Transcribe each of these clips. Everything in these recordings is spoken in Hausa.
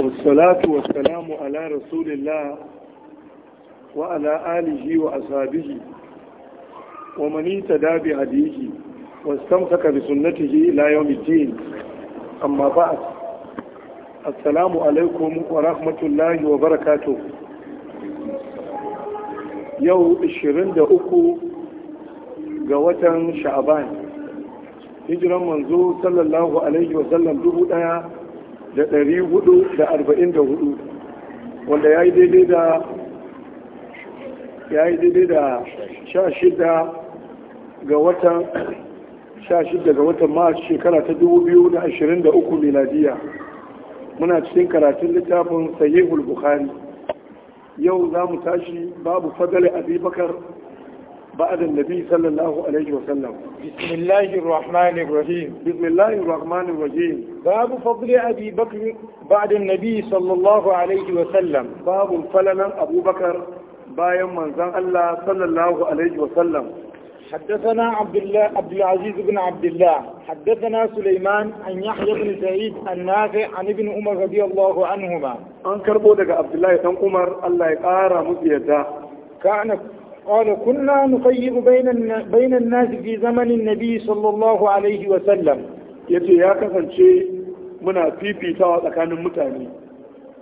wasalatu wasalamu ala rasulillah wa ala alihi wa ashabihi wa man ittaba bi hadihi wastamsaka bi sunnatihi ila yawmiddin amma ba'd assalamu alaikum wa rahmatullahi wa barakatuh yau 23 ga watan Sha'aban. hijiran manzo sallallahu alaihi wa sallam dubu daya da ɗari hudu da arba'in da hudu wanda ya yi daidai da ya yi daidai da sha shida ga watan sha shida ga watan mars shekara ta dubu biyu da ashirin da uku miladiya muna cikin karatun littafin sahihul bukhari yau za mu tashi babu fadali abubakar بعد النبي صلى الله عليه وسلم بسم الله الرحمن الرحيم بسم الله الرحمن الرحيم باب فضل أبي بكر بعد النبي صلى الله عليه وسلم باب فلنا أبو بكر باين من زن الله صلى الله عليه وسلم حدثنا عبد الله عبد العزيز بن عبد الله حدثنا سليمان عن يحيى بن سعيد النافع عن ابن عمر رضي الله عنهما أنكر بودك عبد الله بن عمر الله يقارى مزيدا كان قال كنا نخير بين بين الناس في زمن النبي صلى الله عليه وسلم yace ya kasance muna fifitawa tsakanin mutane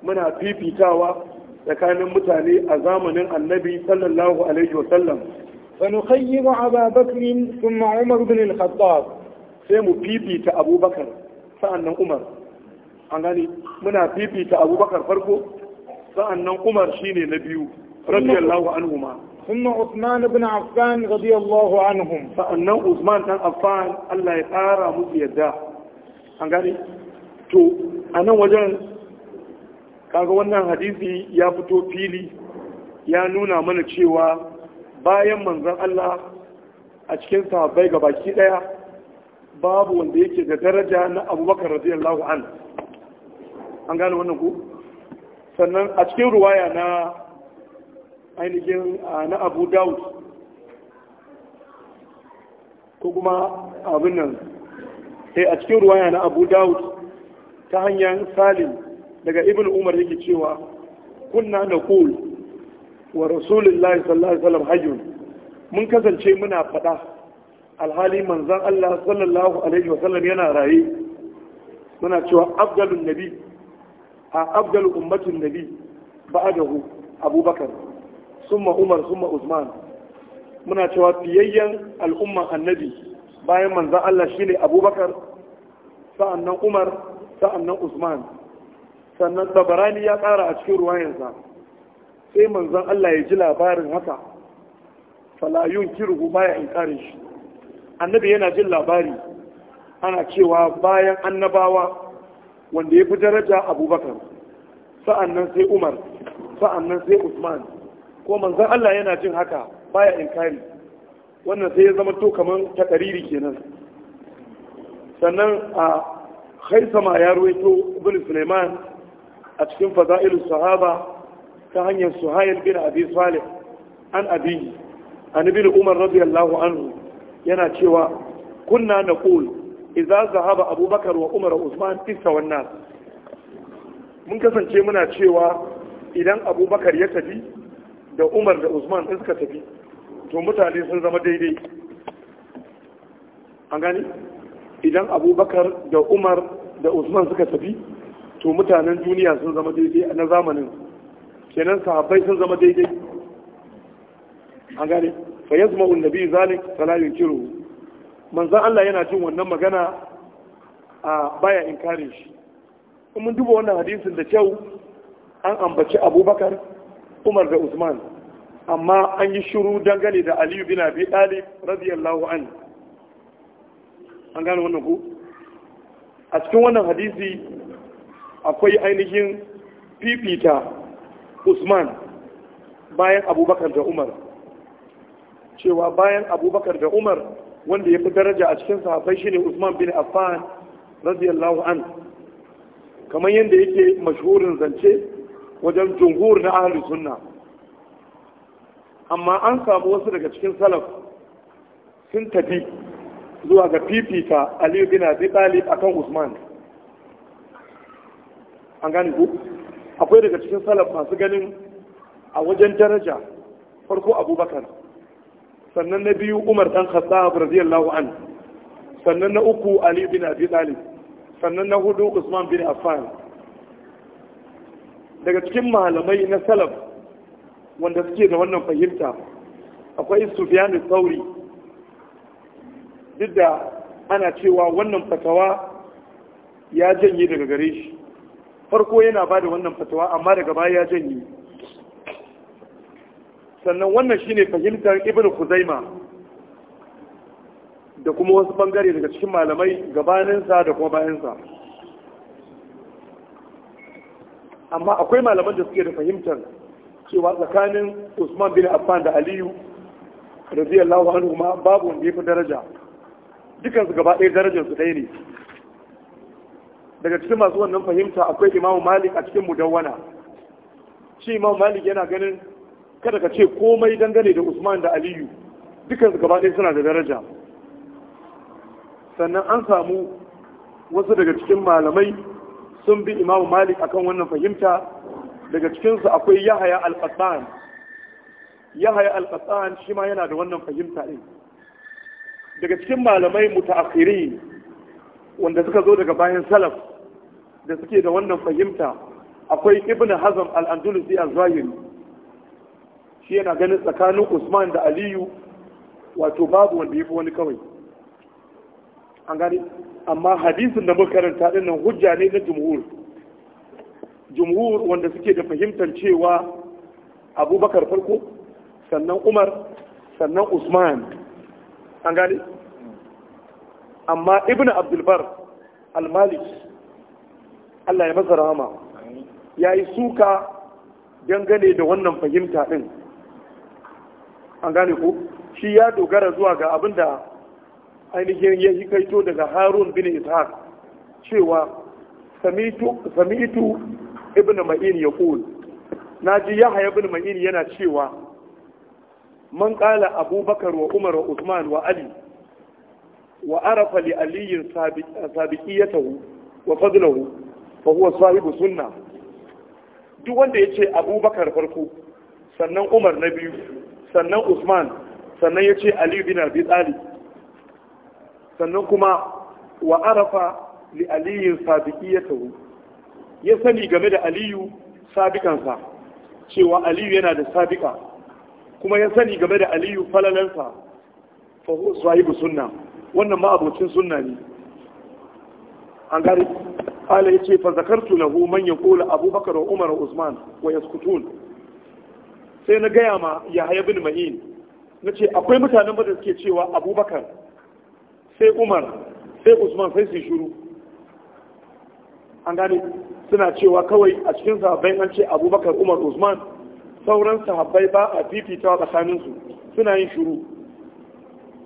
muna fifitawa tsakanin mutane a zamanin annabi sallallahu alaihi wa sallam fa nukhayyiru aba bakr thumma umar ibn al-khattab sai mu fifita abubakar sa'annan umar an gani muna fifita abubakar farko sa'annan umar shine na biyu radiyallahu anhuma ثم عثمان بن عفان رضي الله عنهم فأنه عثمان بن عفان الله يقارى مبيدا يدا gane to a nan wajen kaga wannan hadisi ya fito fili ya nuna mana cewa bayan manzon Allah a cikin sahabbai ga baki daya babu wanda yake da daraja na abubakar radiyallahu anhu an gane wannan ku sannan a cikin ruwaya na ainihin na abu daud ko kuma abin nan sai eh, a cikin ruwaya na abu daud ta hanyar salim daga ibn umar yake cewa kunna na kul wa rasulullahi sallallahu alaihi wasallam hajjun mun kasance muna faɗa alhali manzan Allah sallallahu alaihi wasallam yana raye muna cewa abdalun nabi a abdalun ummatin nabi ba'adahu abubakar summa umar summa usman muna cewa biyayyen al'umman annabi bayan manzan Allah shine abubakar sa'annan umar sa'annan usman sannan tabarani ya ƙara a cikin ruwayensa. sai manzan Allah ya ji labarin haka falayun kirhu baya inkarin shi annabi yana jin labari ana cewa bayan annabawa wanda ya fi daraja abubakar sa'annan sai umar sa'annan sai usman ko manzan Allah yana jin haka baya inkari wannan sai ya zama to kaman takariri kenan sannan a haisama ya ruwaito ibn Suleiman a cikin Faza'ilu sahaba ta hanyar Suhail bin Abi Salih an abi an ibn Umar radiyallahu anhu yana cewa kunna naqul idza zahaba Abubakar wa Umar wa Uthman tisa wannan mun kasance muna cewa idan Abubakar ya tafi da umar da usman din suka tafi to mutane sun zama daidai an gani idan abubakar da umar da usman suka tafi to mutanen duniya sun zama daidai na zamanin kenan sahabbai sun zama daidai an gani fa yazma nabi zalik fala yunkiru manzon Allah yana jin wannan magana a baya inkare shi in mun duba wannan hadisin da kyau an ambaci Abubakar umar da usman amma an yi shiru dangane da aliyu bin abi dalib radiyallahu an an wannan ku a cikin wannan hadisi akwai ainihin fifita usman bayan abubakar da umar cewa bayan abubakar da umar wanda ya fi daraja a cikin sahabbai shine usman bin affan radiyallahu an kamar yadda yake mashhurin zance wajen jumhur na ahli sunna amma an samu wasu daga cikin salaf sun tafi zuwa ga fifita aliyu bin abi talib akan usman an gane ku akwai daga cikin salaf masu ganin a wajen daraja farko abubakar sannan na biyu umar dan khattab radiyallahu an sannan na uku ali bin abi talib sannan na hudu usman bin affan daga cikin malamai na salaf wanda suke da wannan fahimta akwai sufiyanu sauri duk da ana cewa wannan fatawa ya janye daga gare shi farko yana ba da wannan fatawa amma daga baya ya janye sannan wannan shine fahimtar ibn kuzaima da kuma wasu bangare daga cikin malamai gabaninsa da kuma bayansa amma akwai malaman da suke da fahimtar cewa tsakanin usman bin affan da aliyu radiyallahu anhu ma babu wanda ya fi daraja dukan su gaba ɗaya darajar su ɗaya ne daga cikin masu wannan fahimta akwai imamu malik a cikin mudawwana shi imamu malik yana ganin kada ka ce komai dangane da usman da aliyu dukan su gaba ɗaya suna da daraja sannan an samu wasu daga cikin malamai sun bi imamu malik akan wannan fahimta daga cikinsu akwai yahaya al-qassan yahaya al-qassan shi ma yana da wannan fahimta din daga cikin malamai mutaakhiri wanda suka zo daga bayan salaf da suke da wannan fahimta akwai ibnu hazm al-andalusi az shi yana ganin tsakanin usman da aliyu wato babu wanda yafi wani kawai an gani amma hadisin da muka karanta din nan hujja ne na jumhur jumhur wanda suke da fahimtar cewa abubakar farko sannan umar sannan usman an gani amma ibn abdulbar al-malik Allah ya masa rahama ya yi suka dangane da wannan fahimta din an gane ko shi ya dogara zuwa ga abin da ainihin ya yi kaito daga harun bin ishaq cewa samitu ibn ma'in ya ƙul na ji ya haya ibn ma'in yana cewa man ƙala abubakar wa umar wa usman wa ali wa arafa li aliyin sabiqiyatahu wa fadlahu fa huwa sahibu sunna duk wanda ya ce abubakar farko sannan umar na biyu sannan usman sannan ya ce ali bin abi talib sannan kuma wa arafa li aliyin sabiqiyatahu ya sani game da aliyu sabikansa cewa aliyu yana da sabika kuma ya sani game da aliyu falalansa fa sahibu sunna wannan ma abocin sunna ne an gari ala yace fa zakartu lahu man yaqulu abubakar wa umar wa usman wa yaskutun sai na gaya ma yahya bin ma'in nace akwai mutanen da suke cewa abubakar sai umar sai usman sai su shuru an gane suna cewa kawai a cikin sahabbai an ce abubakar umar usman sauran sahabbai ba a fifitawa tsakaninsu suna yin shuru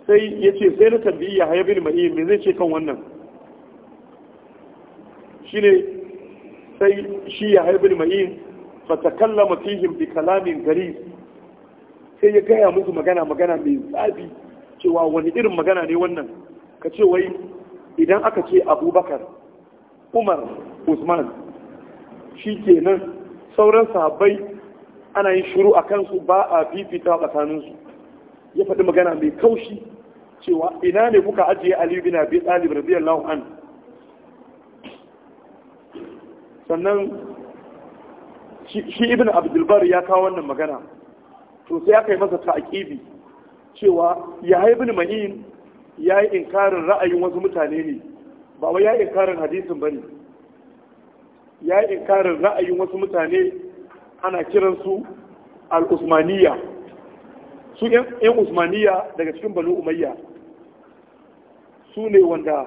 sai ya ce sai na tambayi ya haifin mai zai ce kan wannan shi ne sai shi ya haya ba ta fatakalla mafihim bi kalamin gari sai ya gaya musu magana magana mai tsabi cewa wani irin magana ne wannan ka ce wai idan aka ce abubakar umar usman shi kenan sauran sahabbai ana yin shiru a kansu ba a fifita a tsakaninsu ya faɗi magana mai kaushi cewa ina ne kuka ajiye aliyu bin abi talib radiyallahu an sannan shi ibn abdulbar ya kawo wannan magana to sai aka yi masa ta'aqibi cewa ya haibin ma'in ya yi inkarin ra'ayin wasu mutane ne ba wai ya yi inkarin hadisin ba ne ya yi inkarin ra'ayin wasu mutane ana kiransu al-usmaniya su yan usmaniya daga cikin banu umayya su ne wanda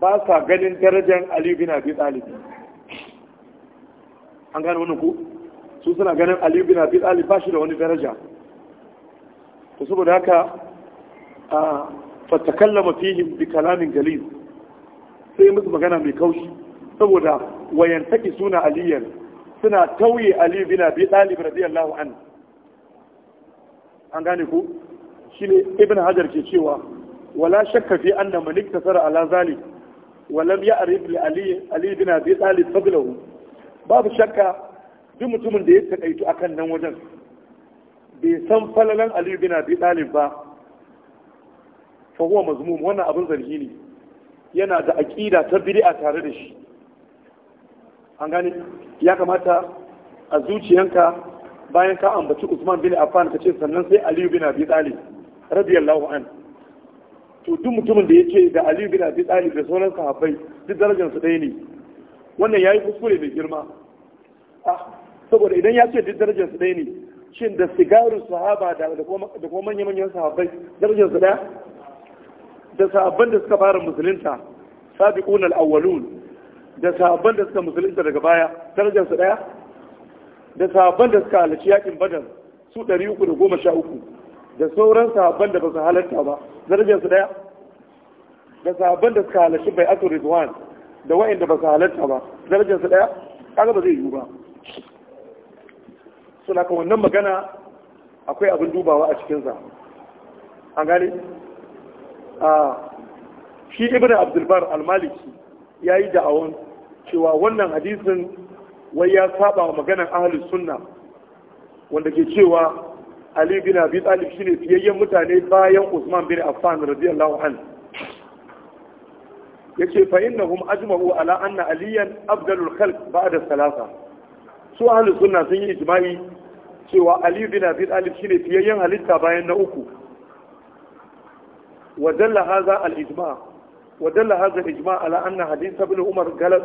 ba sa ganin darajar ali bin abi talib an gane wannan ku su suna ganin ali bin abi talib ba shi da wani daraja to saboda haka fatakallama fihim bi kalamin galil sai musu magana mai kaushi saboda wayantaki suna aliyar suna tauye ali bin abi talib radiyallahu an an gane ku shine ibn hajar ke cewa wala shakka fi anna man iktasara ala zalik wa lam ya'rif li ali ali bin abi talib fadlahu babu shakka duk mutumin da ya takaitu akan nan wajen bai san falalan ali bin abi talib ba fahuwa huwa mazmum wannan abin zargi ne yana da aƙida ta bid'a tare da shi an gane ya kamata a zuciyanka bayan ka ambaci Usman bin Affan ka ce sannan sai Aliyu bin Abi Talib radiyallahu an to duk mutumin da yake da Aliyu bin Abi Talib da sauran sahabbai duk darajar su ɗaya ne wannan yayi kuskure mai girma ah saboda idan ya ce duk darajar su ɗaya ne shin da sigarin sahaba da kuma manya-manyan sahabbai darajar su ɗaya da sabon da suka fara musulunta sabiqun al-awwalun da sabon da suka musulunta daga baya darajar su daya da sabon da suka halarci yakin badar su 313 da sauran sabon da ba su halarta ba darajar su daya da sabon da suka halarci Bai bai'atul ridwan da wa'anda ba su halarta ba darajar su daya kaga ba zai yiwu ba suna ka wannan magana akwai abin dubawa a cikinsa an gane a shi ibn abdulbar almaliki ya yi da'awon cewa wannan hadisin wai ya saba wa maganar ahalus sunna wanda ke cewa ali bin abi talib shine fiyayyen mutane bayan usman bin affan radiyallahu an yace fa innahum ajma'u ala anna aliyan afdalul khalq da salasa su ahlus sunna sun yi ijma'i cewa ali bin abi talib shine fiyayyen halitta bayan na uku ودل هذا الإجماع ودل هذا الإجماع على أن حديث ابن عمر غلط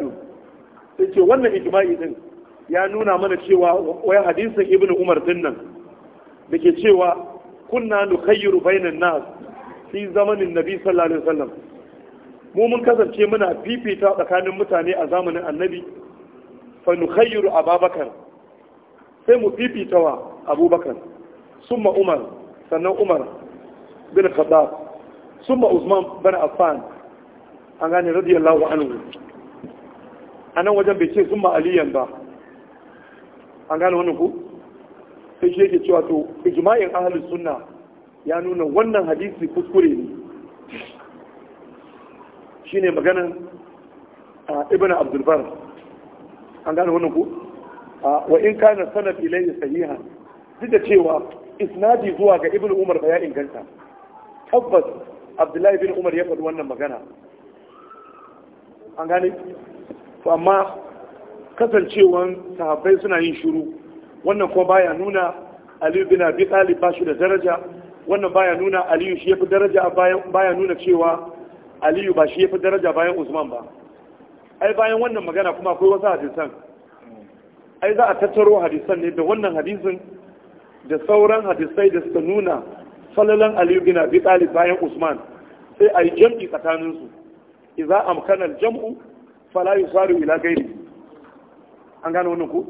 yace wannan ijma'i din ya nuna mana cewa wai hadisin ibnu umar din nan ke cewa kunna nukhayyiru bainan nas fi zamanin nabi sallallahu alaihi wasallam mu mun kasance muna fifita tsakanin mutane a zamanin annabi fa nukhayyiru ababakar sai mu fifita wa abubakar summa umar sannan umar bin khattab ثم usman بن affan an gane radiyallahu عنه a nan wajen bai ce summa aliyan ba an gane wannan ku sai shi yake cewa to ijma'in ahlus sunna ya nuna wannan hadisi kuskure ne shine magana ibn abdul bar an gane wannan ku wa in kana sanad ilayhi sahiha duk cewa isnadi zuwa ga ibn umar ba ya inganta tabbas abdullahi bin umar ya faɗi wannan magana an gane to amma kasancewan sahabbai suna yin shiru wannan kuma baya nuna aliyu bin abi talib ba shi da daraja wannan baya nuna aliyu shi yafi daraja baya nuna cewa aliyu ba shi yafi daraja bayan usman ba ai bayan wannan magana kuma akwai wasu hadisan ai za a tattaro hadisan ne da wannan hadisin da sauran hadisai da suka nuna falalan aliyu bin abi talib bayan usman sai a yi jam'i tsakanin su idza amkana al-jam'u fala yusaru ila ghairi an gano wannan ku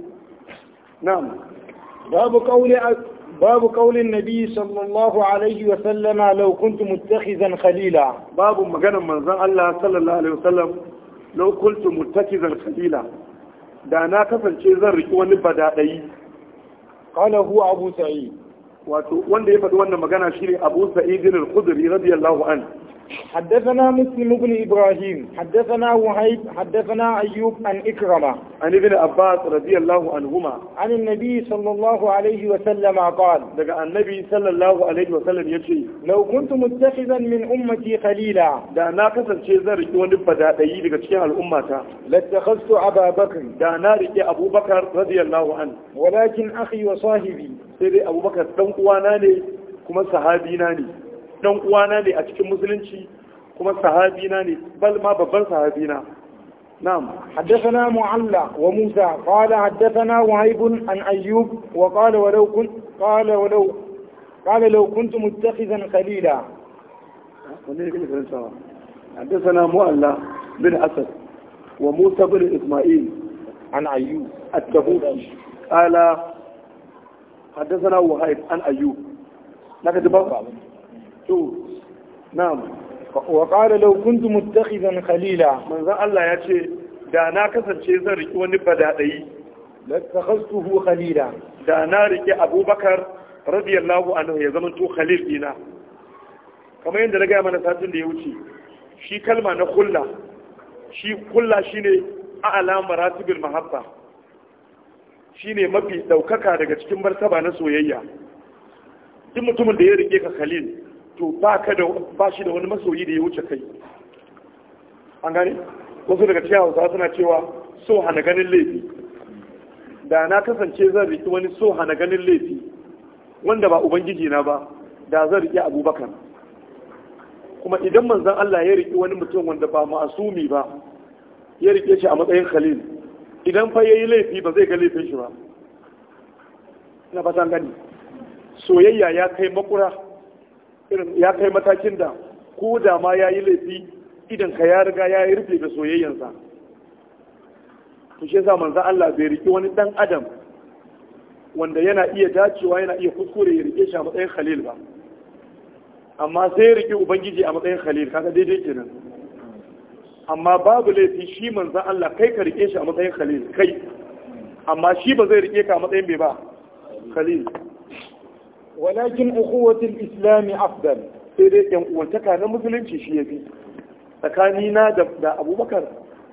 na'am babu qawli babu qawlin nabi sallallahu alaihi wa sallama law kuntu muttakhidan khalila babu maganar manzon Allah sallallahu alaihi wa sallam law kuntu muttakhidan khalila da na kasance zan riki wani badadai qala huwa abu sa'id wato wanda ya faɗi wannan magana shine Abu Sa'id al-Khudri radiyallahu anhu حدثنا مسلم بن إبراهيم حدثنا وهيب حدثنا أيوب عن إكرمة عن ابن عباس رضي الله عنهما عن النبي صلى الله عليه وسلم قال دقى النبي صلى الله عليه وسلم يشي لو كنت متخذا من أمتي خليلا دا ناقصا شيء زرق ونبا دا دقى شيء الأمة لاتخذت أبا بكر دا نارك أبو بكر رضي الله عنه ولكن أخي وصاحبي سيدي أبو بكر تنقوانا لي كما صحابينا لي dan uwana ne a cikin musulunci kuma sahabina ne bal ma babban sahabina نعم حدثنا معلى وموسى قال حدثنا وهيب عن أيوب وقال ولو كنت قال ولو قال لو كنت متخذا خليلا حدثنا معلى بن أسد وموسى بن إسماعيل عن أيوب التبوكي قال حدثنا وهيب عن أيوب لكن تبقى to na'am wa qala law kuntu muttakhidan khalila manzon Allah ya ce da na kasance zan riki wani badadai la takhastuhu khalila da na riki Abubakar radiyallahu anhu ya zama to khalil dina kamar yadda na gaya mana satin da ya wuce shi kalma na kulla shi kulla shine a alama maratibul mahabba shine mafi daukaka daga cikin martaba na soyayya duk mutumin da ya rike ka khalil to ba da shi da wani masoyi da ya wuce kai an gane wasu daga cikin hausa suna cewa so hana ganin laifi da na kasance zan riki wani so hana ganin laifi wanda ba ubangiji na ba da zan riki abubakar kuma idan manzan Allah ya riki wani mutum wanda ba ma'asumi ba ya rike shi a matsayin khalil idan fa yayi laifi ba zai ga laifin shi ba na fatan gani soyayya ya kai makura irin ya kai matakin da ko da ma ya yi laifi idan ka ya riga ya yi rufe da soyayyansa tushe sa manzan Allah bai riki wani dan adam wanda yana iya dacewa yana iya kuskure ya rike shi a matsayin khalil ba amma sai ya rike ubangiji a matsayin khalil kaga daidai kenan amma babu laifi shi manzan Allah kai ka rike shi a matsayin khalil kai amma shi ba zai rike ka a matsayin bai ba khalil walakin ukhuwatul islami afdal sai dai yan uwantaka na musulunci shi yafi tsakani na da abubakar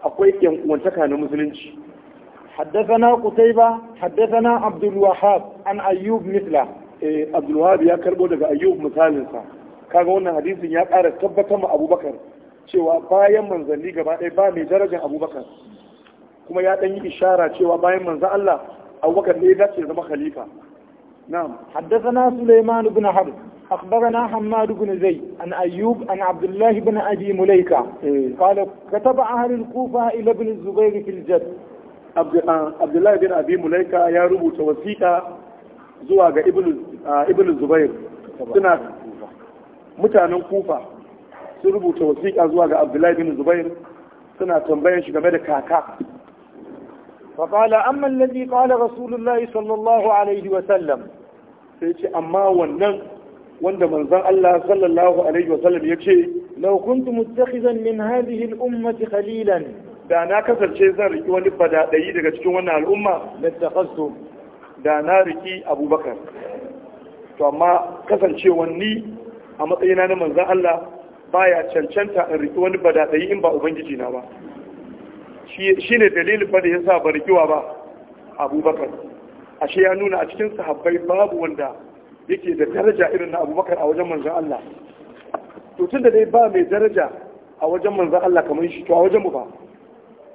akwai yan uwantaka na musulunci حدثنا قتيبة حدثنا Abdulwahab الوهاب عن أيوب مثله عبد الوهاب يا daga Ayyub misalinsa kaga wannan hadisin ya ƙara tabbatar ma Abubakar cewa bayan manzanni gaba ɗaya ba mai darajar Abubakar kuma ya ɗan yi ishara cewa bayan manzan Allah Abubakar ne ya zama khalifa نعم حدثنا سليمان بن حرب أخبرنا حماد بن زيد عن أيوب عن عبد الله بن أبي مليكة إيه. قال كتب أهل الكوفة إلى ابن الزبير في الجد عبد الله بن أبي مليكة يا ربو توسيكا زوا ابن ابن الزبير سنة mutanen kufa sun rubuta wasiƙa zuwa ga abdullahi bin zubair suna tambayan shi game da kaka فقال أما الذي قال رسول الله صلى الله عليه وسلم sai ce amma wannan wanda manzon Allah sallallahu alaihi wasallam ya ce law kuntu muttakhizan min hadhihi al-ummati khalilan da na kasance zan riki wani badadayi daga cikin wannan al'umma takasso, da na riki Abubakar to amma kasancewan ni a matsayina na manzon Allah baya cancanta in riki wani badadayi in ba ubangiji na ba shi ne dalilin fa da yasa ba rikiwa ba Abubakar ashe ya nuna a cikin sahabbai babu wanda yake da daraja irin na abubakar a wajen manzan Allah to tun da dai ba mai daraja a wajen manzan Allah kamar shi to a wajen mu ba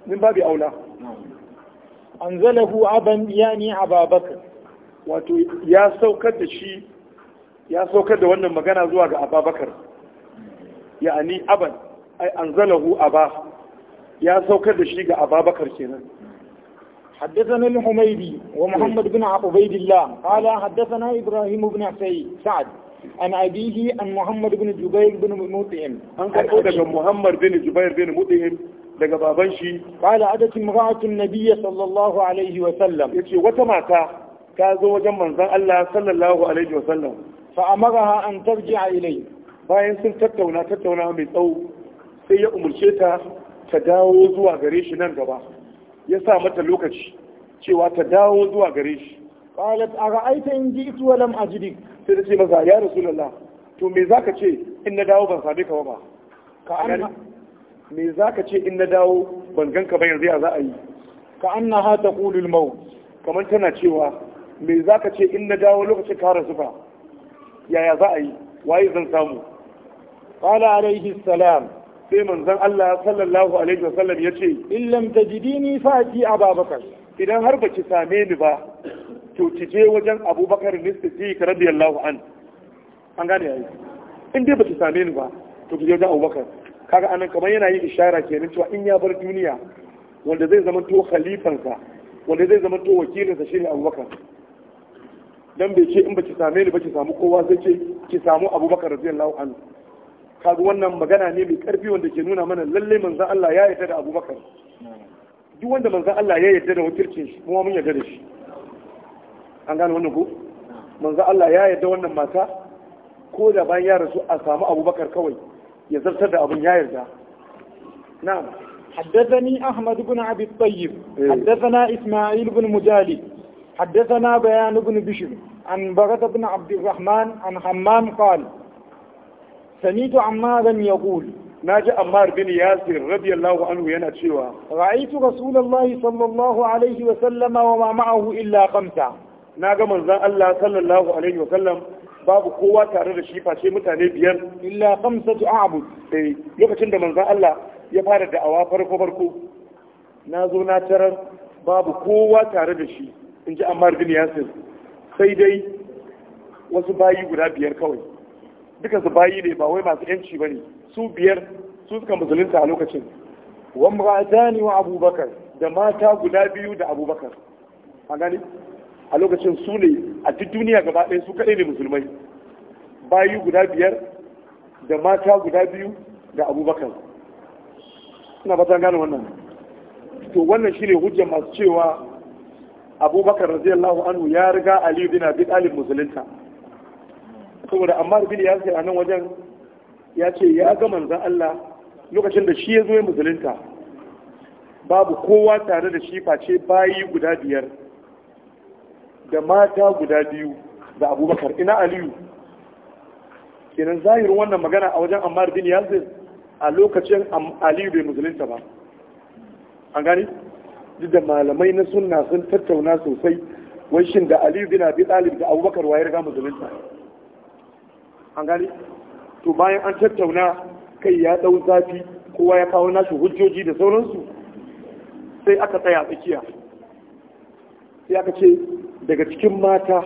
min babu aula anzalahu aban yani ababakar wato ya saukar da shi ya saukar da wannan magana zuwa ga ababakar ya'ani aban ai anzalahu aba ya saukar da shi ga ababakar kenan حدثنا الحميدي ومحمد بن عبيد الله قال حدثنا إبراهيم بن حسين سعد عن أبيه عن محمد بن جبير بن مطعم عن محمد بن جبير بن مطعم daga baban shi qala adat imra'atun nabiy sallallahu alaihi wa sallam yace wata mata ta zo wajen manzon Allah sallallahu alaihi wa sallam fa amaraha an tarji'a ilai bayan sun tattauna tattauna mai tsawo sai ya umurce ta ta dawo zuwa gare shi nan gaba ya sa mata lokaci cewa ta dawo zuwa gare shi qalat ra'aita in ji'tu wa lam ajdik sai ta ce maza ya rasulullah to me zaka ce in na dawo ban same ka ba ka anna me zaka ce in na dawo ban ganka ba yanzu ya za a yi ka annaha taqulu al-maut kamar tana cewa me zaka ce in na dawo lokacin ka rasu ba yaya za a yi waye zan samu qala alaihi salam sai manzon Allah sallallahu alaihi wasallam ya ce in lam tajidini fati ababakar idan har baki same ni ba to ki je wajen abubakar ne siddiq radiyallahu an an gane yayi in dai baki same ni ba to ki je wajen abubakar kaga anan kamar yana yin ishara kenan cewa in ya bar duniya wanda zai zama to khalifansa wanda zai zama to wakilinsa shine abubakar dan bai ce in baki same ni ba ki samu kowa sai ce ki samu abubakar radiyallahu anhu kaga wannan magana ne mai karfi wanda ke nuna mana lallai manzan Allah ya yarda da Abubakar duk wanda manzan Allah ya yarda da wakilcin shi kuma mun yarda da shi an gane wannan ko manzan Allah ya yarda wannan mata ko da bayan ya rasu a samu Abubakar kawai ya zartar da abun ya yarda na'am حدثني أحمد بن أبي الطيب حدثنا إسماعيل بن مجالد حدثنا بيان بن بشر عن بغت بن عبد الرحمن عن حمام قال يقول ammaran yaqul naji ammar bin yasir radiyallahu anhu yana cewa ra'aytu rasulullahi sallallahu alaihi wa sallama wa ma ma'ahu illa khamsa naga manzon Allah sallallahu alaihi wa sallam babu kowa tare da shi face mutane biyar illa khamsatu a'bud sai lokacin da manzon Allah ya fara awa farko farko na zo na tarar babu kowa tare da shi in ji ammar bin yasir sai dai wasu bayi guda biyar kawai su bayi ne ba wai masu yanci ba ne su biyar su suka musulunta a lokacin wa mra'atani wa abubakar da mata guda biyu da abubakar a gani a lokacin su ne a duk duniya gaba ɗaya su kaɗai ne musulmai bayi guda biyar da mata guda biyu da abubakar suna bata gane wannan to wannan shine hujjar masu cewa abubakar radiyallahu anhu ya riga aliyu bin abi talib musulunta saboda amma bin yasir a nan wajen ya ce ya ga manzan Allah lokacin da shi ya zo ya musulunta babu kowa tare da shi face bayi guda biyar da mata guda biyu da abubakar ina aliyu kenan zahirin wannan magana a wajen ammar bin yasir a lokacin aliyu bai musulunta ba an gani duk da malamai na sunna sun tattauna sosai wai shin da aliyu bin abi talib da abubakar wayar ga musulunta an gani to bayan an tattauna kai ya ɗau zafi kowa ya kawo nashi hujjoji da sauransu sai aka tsaya tsakiya sai aka ce daga cikin mata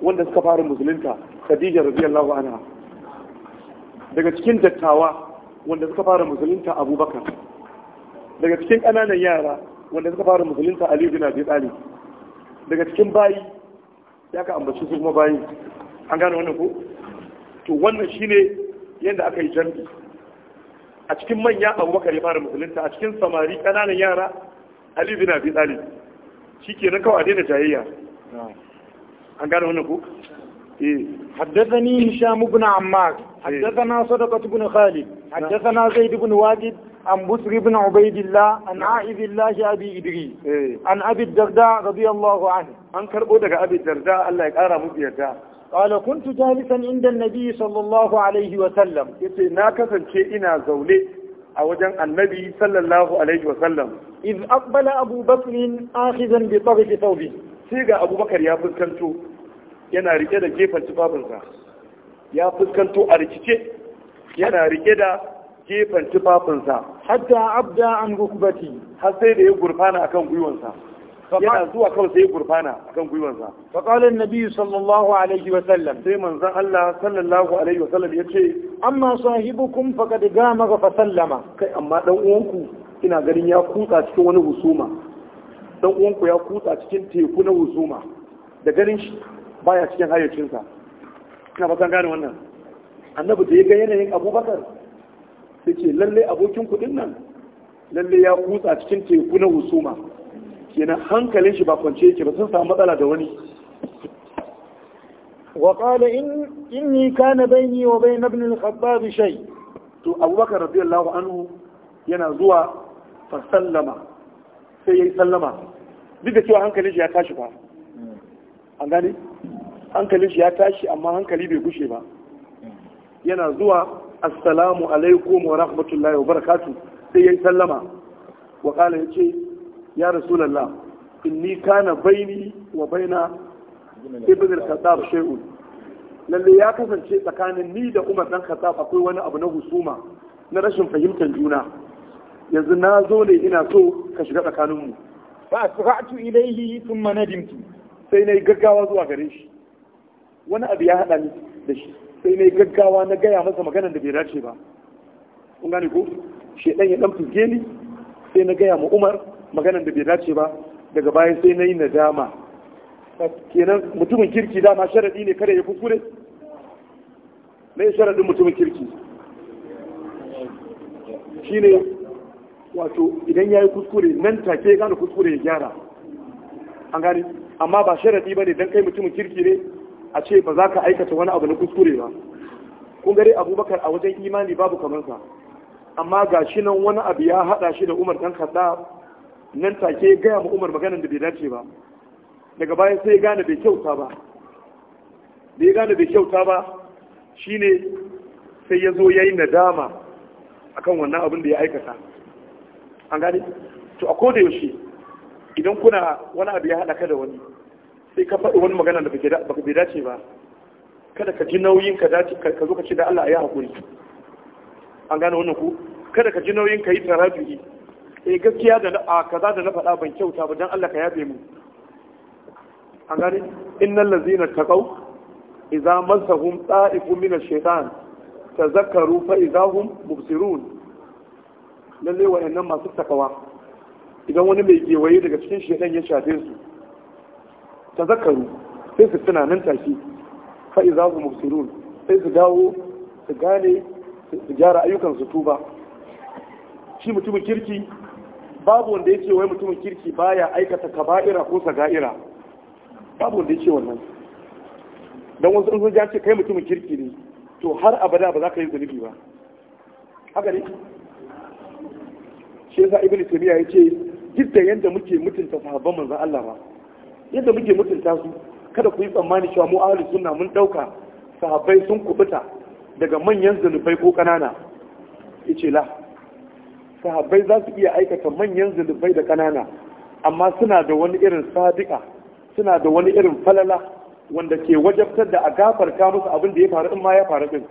wanda suka fara musulunta khadija radiyallahu anha daga cikin dattawa wanda suka fara musulunta abubakar daga cikin ƙananan yara wanda suka fara musulunta ali bin abi tsali. daga cikin bayi ya ka ambaci su kuma bayi an gane wannan ko to wannan ne yadda aka yi jambi a cikin manya abubakar ya fara musulunta a cikin samari ƙananan yara ali bin abi shi ke na kawai daina jayayya an gane wannan ko حدثني هشام بن عمار حدثنا صدقة بن خالد حدثنا زيد بن واجد عن بسر An عبيد الله عن Idiri. An أبي eh. darda عن أبي الدرداء رضي الله عنه أنكر أودك أبي الدرداء الله يقارى مبيتا قال كنت جالسا عند النبي صلى الله عليه وسلم يتي ناكسا شيء إنا زولي أوجن النبي صلى الله عليه وسلم إذ أقبل أبو بكر آخذا بطرف ثوبه سيغا أبو بكر يا فسكنتو yana rike da gefen tufafinsa ya fuskanto a rikice yana rike da gefen tufafinsa hatta abda an rukbati har sai da ya gurfana akan gwiwansa yana zuwa kawai sai gurfana akan gwiwansa fa nabiyu an sallallahu alaihi wa sallam sai manzon Allah sallallahu alaihi wa sallam ce. amma sahibukum faqad gama fa sallama kai amma dan uwanku ina ganin ya kutsa cikin wani husuma dan uwanku ya kutsa cikin teku na husuma da ganin shi baya cikin hayyacinsa ina ba san gane wannan annabi da ya ga yanayin abubakar sai ce lalle abokin kudin nan lalle ya kutsa cikin teku na husuma kenan hankalin shi ba kwance yake ba sun samu matsala da wani wa qala in inni kana bayni wa bain ibn al-khattab shay to abubakar radiyallahu anhu yana zuwa fa sallama sai ya sallama duk da cewa hankalin shi ya tashi ba an gane hankalin shi ya tashi amma hankali bai gushe ba yana zuwa assalamu alaikum wa rahmatullahi wa barakatuh sai ya sallama wa qala yace ya rasulullah inni kana baini wa baina ibn al-khattab shay'un lalle ya kasance tsakanin ni da Umar dan Khattab akwai wani abu na husuma na rashin fahimtar juna yanzu na zo ne ina so ka shiga tsakaninmu mu fa asra'tu ilayhi thumma nadimtu sai nayi gaggawa zuwa gare shi wani abu ya hada ni da shi sai nayi gaggawa na gaya masa maganar da bai dace ba kun gane ko shedan ya dan fuge ni sai na gaya ma Umar maganan da bai dace ba daga bayan sai na yi nadama kenan mutumin kirki dama sharaɗi ne kada ya kuskure na yi sharaɗin mutumin kirki shi ne wato idan ya yi kuskure nan take ya gane kuskure ya gyara an gane amma ba sharaɗi ba ne don kai mutumin kirki ne a ce ba za ka aikata wani abu na kuskure ba kun gare abubakar a wajen imani babu kamansa amma ga shi nan wani abu ya haɗa shi da umar ɗan khattab nan take ya gaya ma umar maganar da bai dace ba daga bayan sai ya gane bai kyauta ba da ya gane bai kyauta ba shine sai ya zo ya yi nadama akan wannan abin da ya aikata an gane to a koda yaushe idan kuna wani abu ya haɗa ka da wani sai ka faɗi wani magana da bai dace ba kada ka ji nauyin ka dace ka zo ka ce da Allah ya haƙuri an gane wannan ku kada ka ji nauyin ka yi tarafi'i eh gaskiya da a kaza da na faɗa ban kyauta ba don Allah ka yabe mu an gani innal ladzina taqaw idza masahum ta'ifun min ash-shaytan tazakkaru fa idza hum mubsirun lalle wayannan masu takawa idan wani mai gewaye daga cikin shaytan ya shafe su tazakkaru sai su tuna nan take fa idza hum mubsirun sai su dawo su gane su gyara ayyukan su tuba shi mutumin kirki babu wanda ya ce wai mutumin kirki baya aikata kaba'ira ko saga'ira babu wanda ya ce wannan don wasu sun ya ce kai mutumin kirki ne to har abada ba za ka yi zunubi ba haka ne shi yasa ibn taymiya ya ce duk da yadda muke mutunta sahabban manzon Allah ba yadda muke mutunta su kada ku yi tsammani cewa mu ahlus sunna mun dauka sahabbai sun kubuta daga manyan zunubai ko kanana yace la sahabbai za su iya aikata manyan zulubai da kanana amma suna da wani irin sadiqa suna da wani irin falala wanda ke wajabtar da a gafarta musu abin da ya faru in ma ya faru din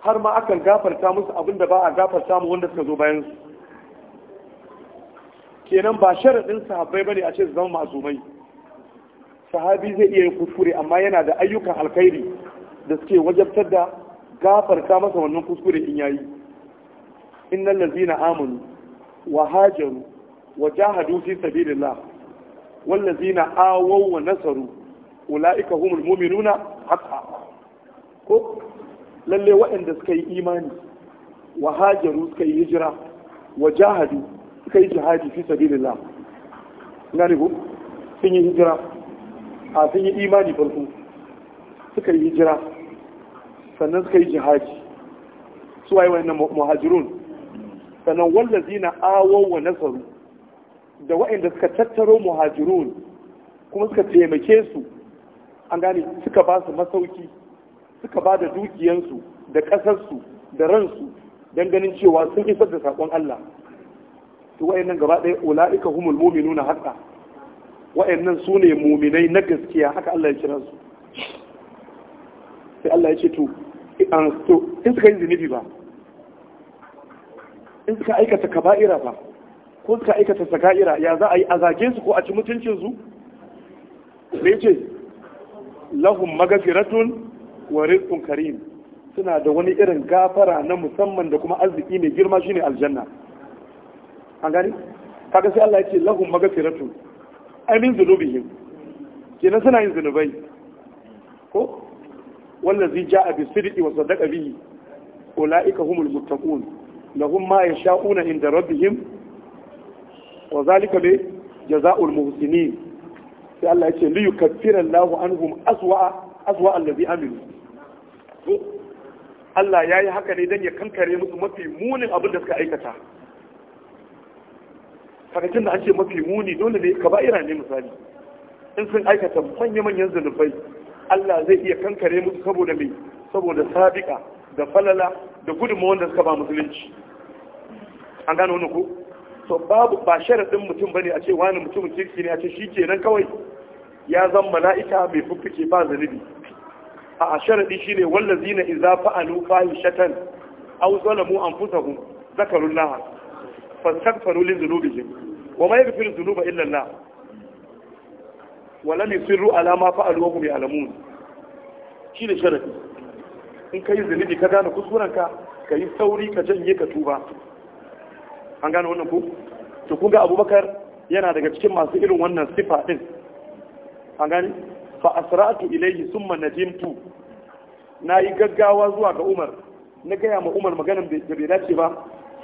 har ma akan gafarta musu abin da ba a gafarta mu wanda suka zo bayan su kenan ba sharadin sahabbai bane a ce su zama masumai sahabi zai iya yin kuskure amma yana da ayyukan alkhairi da suke wajabtar da gafarta masa wannan kuskure in yayi innal ladina amanu wa hajaru wa jahadu fi sabilillah wal ladina awaw wa nasaru ulaika humul mu'minuna haqqan ko lalle waɗanda suka yi imani wa hajaru suka yi hijira wa jahadu suka yi jihadi fi sabilillah ngani ko sun yi hijira a sun yi imani farko suka yi hijira sannan suka yi jihadi su waye wannan muhajirun sannan na awo wa nasaru da waɗanda suka tattaro muhajirun kuma suka taimake su an gane suka ba su masauki suka ba da dukiyansu da ƙasarsu da ransu don ganin cewa sun isar da saƙon Allah to nan gaba ɗaya ula'ika humul na haqqan wayannan su ne mu'minai na gaskiya haka Allah ya kira su sai Allah ya ce to in suka yi zunubi ba in suka aikata kaba'ira ba ko suka aikata saka'ira ya za a yi a zage su ko a ci mutuncinsu da ya ce lahun magafiratun wa rizqun karim suna da wani irin gafara na musamman da kuma arziki mai girma shine aljanna an gani kaga sai Allah ya ce lahun magafiratun Amin min zunubihim kenan suna yin zunubai ko wallazi ja'a bis sidqi wa biyu. bihi ulaika humul muttaqun lahum ma yasha'una inda rabbihim wa zalika bi jaza'ul muhsinin sai Allah yace li yukaffira Allahu anhum aswa aswa allazi amilu Allah ya yi haka ne don ya kankare musu mafi munin abin da suka aikata kakacin da an mafi muni dole ne ka ba'ira ne misali in sun aikata manya-manyan zunubai Allah zai iya kankare musu saboda mai saboda sabiƙa da falala da gudunmawar da suka ba musulunci an gano wani ko to babu ba sharaɗin mutum bane a ce wani mutumin kirki ne a ce shi kawai ya zan mala'ika mai fuffuke ba zanibi. a sharaɗi shine wallazi na iza fa'alu fahishatan aw zalamu anfusahum zakarullah fastaghfiru li dhunubihim wa ma yaghfiru dhunuba illa Allah wa lam yusirru ala ma fa'alu wa hum ya'lamun shine sharaɗi in kai zunubi ka gane kuskurenka ka yi sauri ka janye ka tuba an gane wannan ku to kun ga abubakar yana daga cikin masu irin wannan sifa din an gane fa asra'tu ilayhi thumma najimtu nayi gaggawa zuwa ga Umar na gaya ma Umar maganar da bai dace ba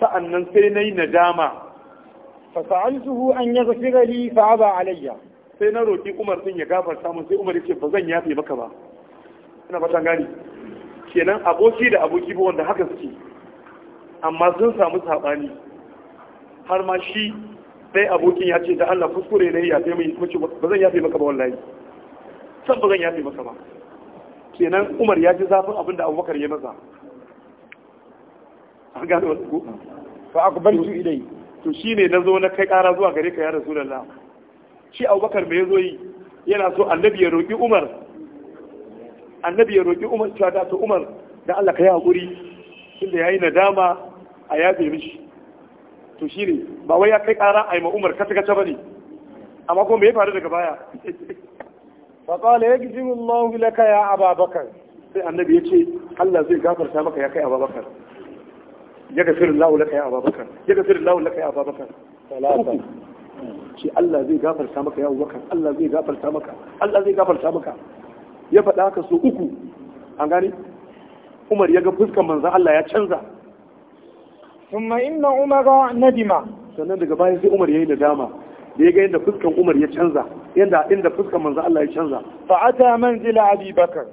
sa'annan sai nayi nadama fa sa'altuhu an yaghfira li fa aba alayya sai na roki Umar din ya gafarta mun sai Umar yace ba zan yafe maka ba ina fatan gani kenan aboki da aboki ba wanda haka suke amma sun samu sabani har ma shi sai abokin ya ce da Allah kuskure ne ya sai mai mace ba zan yafe maka ba wallahi san ba zan yafe maka ba kenan Umar ya ji zafin abin da Abubakar ya masa an gane wasu ko fa aqbaltu ilai to shine zo na kai kara zuwa gare ka ya rasulullah shi Abubakar me yazo yi yana so annabi ya roki Umar annabi ya roki Umar cewa da to Umar da Allah ka yi hakuri tunda yayi nadama a yafe mishi to shi ne ba wai ya kai kara a yi ma'umar kata kata ba ne amma kuma ya faru daga baya kawai ya gizi Allah ka ya ababakar sai annabi ya ce Allah zai gafarta maka ya kai ababakar ya gafirin lahu laka ya ababakar ya gafirin lahu laka ya ababakar talata ce Allah zai gafarta maka ya ababakar Allah zai gafarta maka Allah zai gafarta maka ya faɗa haka so uku an gani Umar ya ga fuskar manzan Allah ya canza ثم إن عمر ندم sannan daga bayan sai Umar yayi nadama da ya ga yadda fuskan Umar ya canza yadda inda fuskan manzo Allah ya canza fa ata manzila Abi Bakar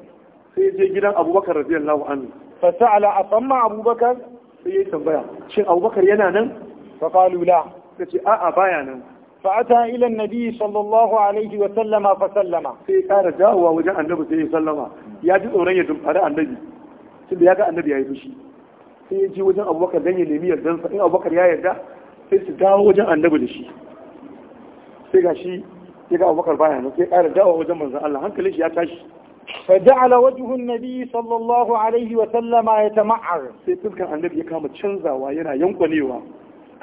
sai je gidan Abu Bakar radiyallahu anhu fa sa'ala asamma Abu Bakar sai ya tambaya shin Abu Bakar yana nan fa qalu la kace a'a baya nan fa ata ila annabi sallallahu alaihi wa sallama fa sallama sai kara dawowa wajen annabi sai ya sallama ya ji tsoron ya dumfari annabi tunda ya ga annabi ya yi fushi sai ya je wajen abubakar don ya nemi yardansa in abubakar ya yarda sai su dawo wajen annabi da shi sai ga shi ya ga abubakar baya nan sai ƙara dawo wajen manzan Allah hankalin shi ya tashi فجعل وجه النبي صلى الله عليه وسلم يتمعر sai fuskan annabi ya kama canzawa yana yankwanewa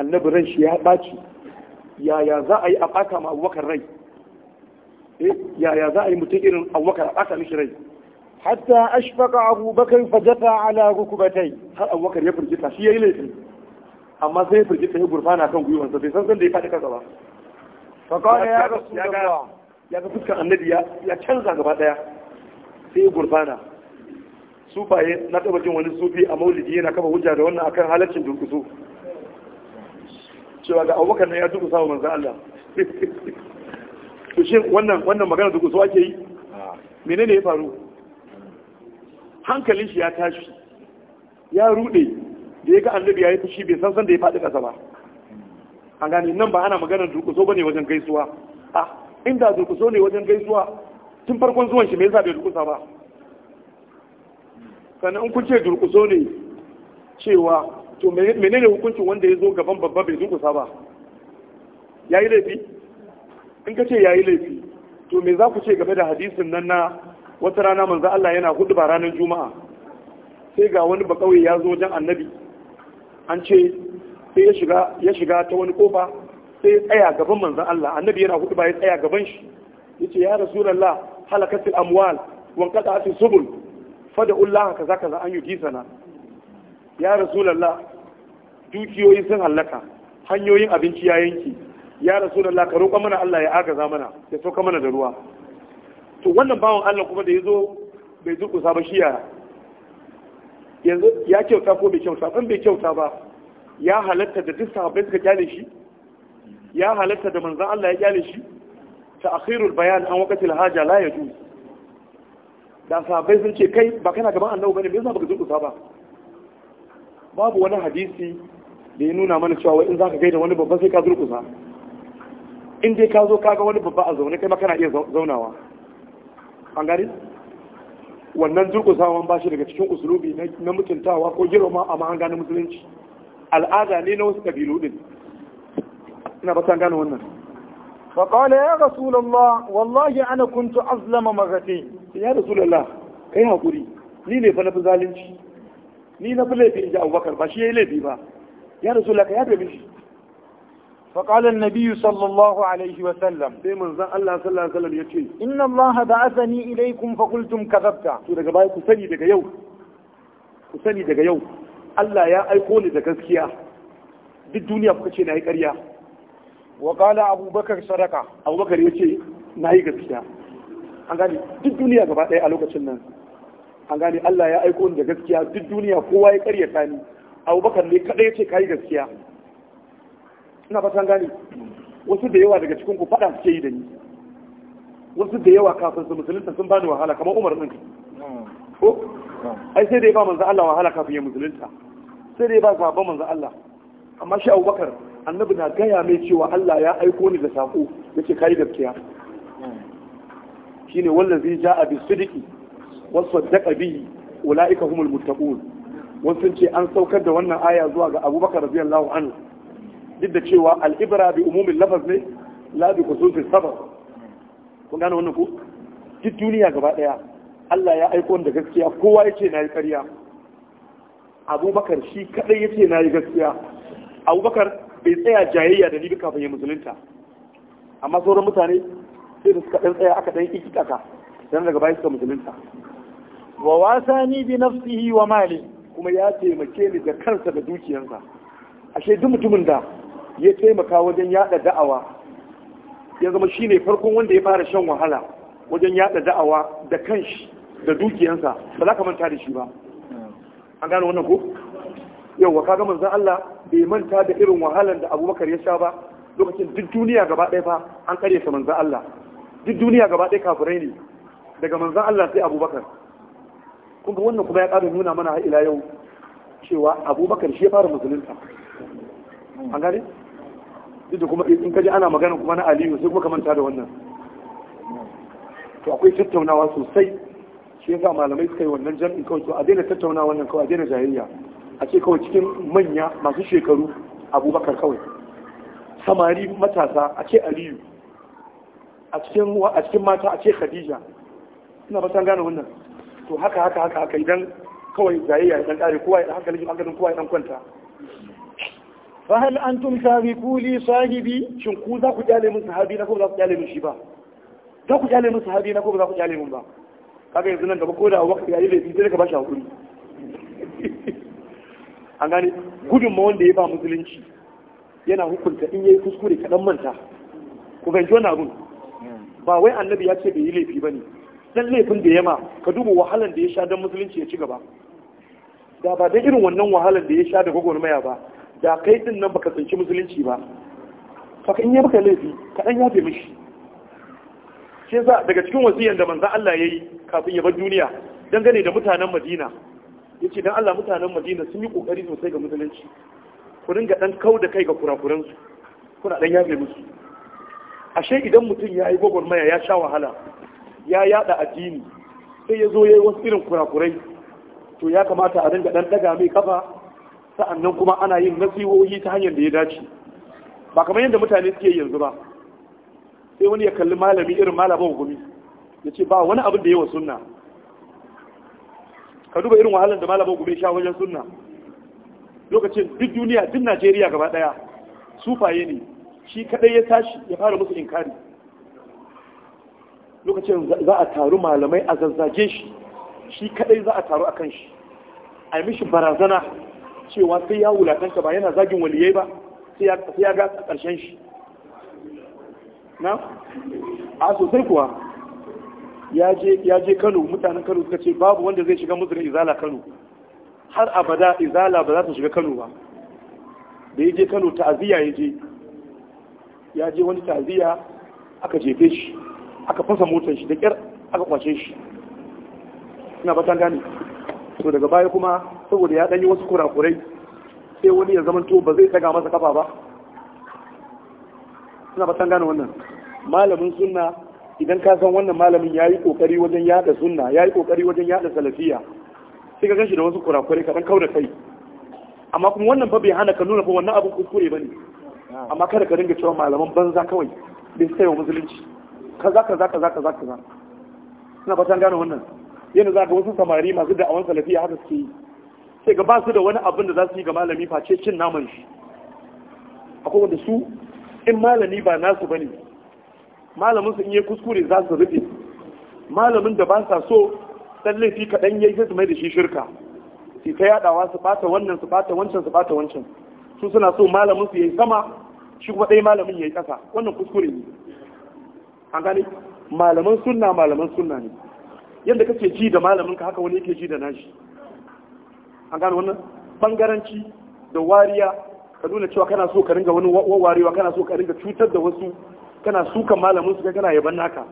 annabi ran shi ya ɓaci yaya za a yi a ɓata ma abubakar rai eh, yaya za a yi mutum irin abubakar a ɓata mishi rai hatta ashfaqa Abu Bakar fajata ala rukbatai har Abu Bakar ya firgita shi yayi laifin. amma sai ya firgita ya gurfana kan gwiwar gwiwansa bai san san da ya fadi kansa ba fa qala ya rasulullah ya ga fuskar annabi ya canza gaba daya sai ya gurfana sufaye na taba jin wani sufi a maulidi yana kafa hujja da wannan akan halaccin durkusu cewa ga abubakar nan ya durkusa wa manzan Allah to shin wannan wannan magana durkusu ake yi menene ya faru hankalin shi ya tashi ya rude da ya ga annabi ya yi fushi bai san san da ya faɗi ƙasa ba A gane nan ba ana maganar durƙuso ba ne wajen gaisuwa a inda durƙuso ne wajen gaisuwa tun farkon zuwan shi me yasa bai durƙusa ba sannan in kun ce durƙuso ne cewa to menene hukuncin wanda ya zo gaban babba bai durƙusa ba ya yi laifi in ka ce ya yi laifi to me za ku ce game da hadisin nan na wata rana manzo Allah yana hudu ba ranar juma'a sai ga wani bakawai ya zo wajen annabi an ce sai ya shiga ya shiga ta wani kofa sai ya tsaya gaban manzo Allah annabi yana hudu ba ya tsaya gaban shi yace ya rasulullah halakatil amwal wa qata'atis subul fada'ullaha kaza kaza an yujisana ya rasulullah dukiyoyi sun hallaka hanyoyin abinci ya yanki ya rasulullah ka roƙa mana Allah ya agaza mana ya sauka mana da ruwa to wannan bawan Allah kuma da ya zo bai zuku ba shi ya yanzu ya kyauta ko bai kyauta ɗan bai kyauta ba ya halatta da duk sahabbai suka kyale shi ya halatta da manzan Allah ya kyale shi ta akhirul bayan an waqatil haja la yajuz da sahabbai sun ce kai ba kana gaban annabi bane me yasa baka zuku ba babu wani hadisi da ya nuna mana cewa in zaka gaida wani babba sai ka durkusa in dai ka zo kaga wani babba a zaune kai ma kana iya zaunawa an gani wannan durkusawan ba shi daga cikin usulubi na mutuntawa ko girma a mahanga na musulunci al'ada ne na wasu kabilu din ina ba san gane wannan فقال يا رسول wallahi ana انا كنت اظلم Ya rasu رسول الله kai hakuri ni ne fa na fi zalunci ni na fi laifi ji abubakar ba shi ya yi laifi ba ya rasu laka ya fi mishi فقال النبي صلى الله عليه وسلم sai manzon Allah sallallahu alaihi wasallam yace inna Allah ba'athani ilaykum fa qultum kadhabta to daga bai ku sani daga yau ku sani daga yau Allah ya aiko ni da gaskiya duk duniya kuka ce nayi ƙarya wa qala Abu Bakar sadaka Abu Bakar yace nayi gaskiya an gane duk duniya gaba ɗaya a lokacin nan an gane Allah ya aiko ni da gaskiya duk duniya kowa ya ƙaryata ni Abu Bakar ne kadai gaskiya ina fatan gane wasu da yawa daga cikin ku suke yi da ni wasu da yawa kafin su musulunta sun bani wahala kamar umar din ko ai sai da ya ba manzo Allah wahala kafin ya musulunta sai da ya ba sabon manzo Allah amma shi Abubakar annabi na gaya mai cewa Allah ya aiko ni da sako yace kai gaskiya shine zai ja'a bis-sidqi wa saddaqa bihi ulaika humul muttaqun wasu ce an saukar da wannan aya zuwa ga Abubakar radiyallahu anhu duk da cewa al'ibra bi umumin lafaz ne la bi khususin sabab kun gane wannan ku duk duniya gaba daya Allah ya aiko da gaskiya kowa yace nayi ƙarya Abubakar shi kadai yace nayi gaskiya Abubakar bai tsaya jayayya da ni duka bayan musulunta amma sauran mutane sai da suka dan tsaya aka dan ikitaka dan daga bayan suka musulunta wa wasani bi nafsihi wa mali kuma ya taimake ni da kansa da dukiyarsa ashe duk mutumin da ya taimaka wajen yada da'awa ya zama shi ne farkon wanda ya fara shan wahala wajen yada da'awa da kanshi da dukiyansa ba za ka manta da shi ba an gane wannan ko yau wa kaga manzan Allah bai manta da irin wahalar da Abubakar ya sha ba lokacin duk duniya gaba ɗaya fa an kare sa manzan Allah duk duniya gaba ɗaya kafirai ne daga manzan Allah sai Abubakar kuma wannan kuma ya ƙara nuna mana har ila yau cewa Abubakar shi ya fara musulunta an gane duk da kuma in kaji ana magana kuma na aliyu sai kuma ka manta da wannan to akwai tattaunawa sosai shi yasa malamai suka yi wannan jam'in kawai to a daina tattauna wannan kawai a daina jahiliya a ce kawai cikin manya masu shekaru abubakar kawai samari matasa a ce aliyu a cikin mata a ce khadija ina ba gane wannan to haka haka haka haka idan kawai jahiliya ya dan kare kowa ya haka lajin hankalin kowa ya dan kwanta fa hal antum sabiqu li sahibi shin ku za ku kyale min sahabi na ko za ku kyale min shi ba za ku kyale min sahabi na ko za ku kyale min ba kaga yanzu nan gaba ko da wakati yi laifi sai ka shi hakuri an gane gudun ma wanda ya ba musulunci yana hukunta in yayi kuskure kadan manta ku fahimci wannan abun ba wai annabi ya ce bai yi laifi bane dan laifin da yama ka duba wahalan da ya sha dan musulunci ya ci gaba da ba da irin wannan wahalan da ya sha da gwagwarmaya ba da kai din nan baka tsinci musulunci ba fa in yi maka laifi kaɗan yafe mishi shi yasa daga cikin wasiyan da manzan Allah ya yi kafin ya bar duniya dangane da mutanen Madina ya ce don Allah mutanen Madina sun yi kokari sosai ga musulunci ku dinga ɗan kau da kai ga su kuna ɗan yafe musu ashe idan mutum ya yi gwagwarmaya ya sha wahala ya yada addini sai ya zo ya yi wasu irin kurakurai to ya kamata a dinga ɗan daga mai kafa sa'annan kuma ana yin nasihohi ta hanyar da ya dace ba kamar yadda mutane suke yanzu ba sai wani ya kalli malami irin malaman gumi ya ce ba wani abin da yawa sunna ka duba irin wahalar da malaman gumi sha wajen sunna lokacin duk duniya duk najeriya gaba daya sufaye ne shi kadai ya tashi ya fara musu inkari lokacin za a taru malamai a zazzage shi shi kadai za a taru a kan shi a yi mishi barazana cewa sai ya wulatanka ba yana zagin waliyai ba sai ya ga ƙarshen shi na a sosai kuwa ya je kano mutanen kano suka ce babu wanda zai shiga musulun izala kano har abada izala ba za ta shiga kano ba da ya je kano ta'aziyya ya je ya je wani ta'aziyya aka jefe shi aka fasa motar shi da kyar aka kwashe shi Suna batan gani gane to daga baya kuma saboda ya ɗanyi wasu kurakurai sai wani ya zama to ba zai taga masa kafa ba suna batan gane wannan malamin sunna idan ka san wannan malamin ya yi ƙoƙari wajen yada sunna ya yi ƙoƙari wajen yada salafiya sai ka gan shi da wasu kurakurai ka ɗan kau da kai amma kuma wannan fa bai hana ka nuna fa wannan abin kuskure ba ne amma kada ka dinga cewa malaman banza kawai bai sai wa musulunci kaza kaza kaza kaza kaza suna fatan gane wannan yana za ga wasu samari masu da'awan salafiya haka suke yi sai ga ba su da wani abin da za su yi ga malami face cin naman shi akwai wanda su in malami ba nasu bane malamin su in yi kuskure za su rufe malamin da ba sa so dan laifi kaɗan ya yi su mai da shi shirka sai ta yadawa su bata wannan su bata wancan su bata wancan su suna so malamin su yayi sama shi kuma ɗaya malamin yayi ƙasa wannan kuskure ne an gane malaman sunna malaman sunna ne yadda kake ji da malamin ka haka wani yake ji da nashi an gano wannan bangaranci da wariya ka nuna cewa kana so ka ringa wani wariwa kana so ka ringa cutar da wasu kana sukan malamin su kana yaban naka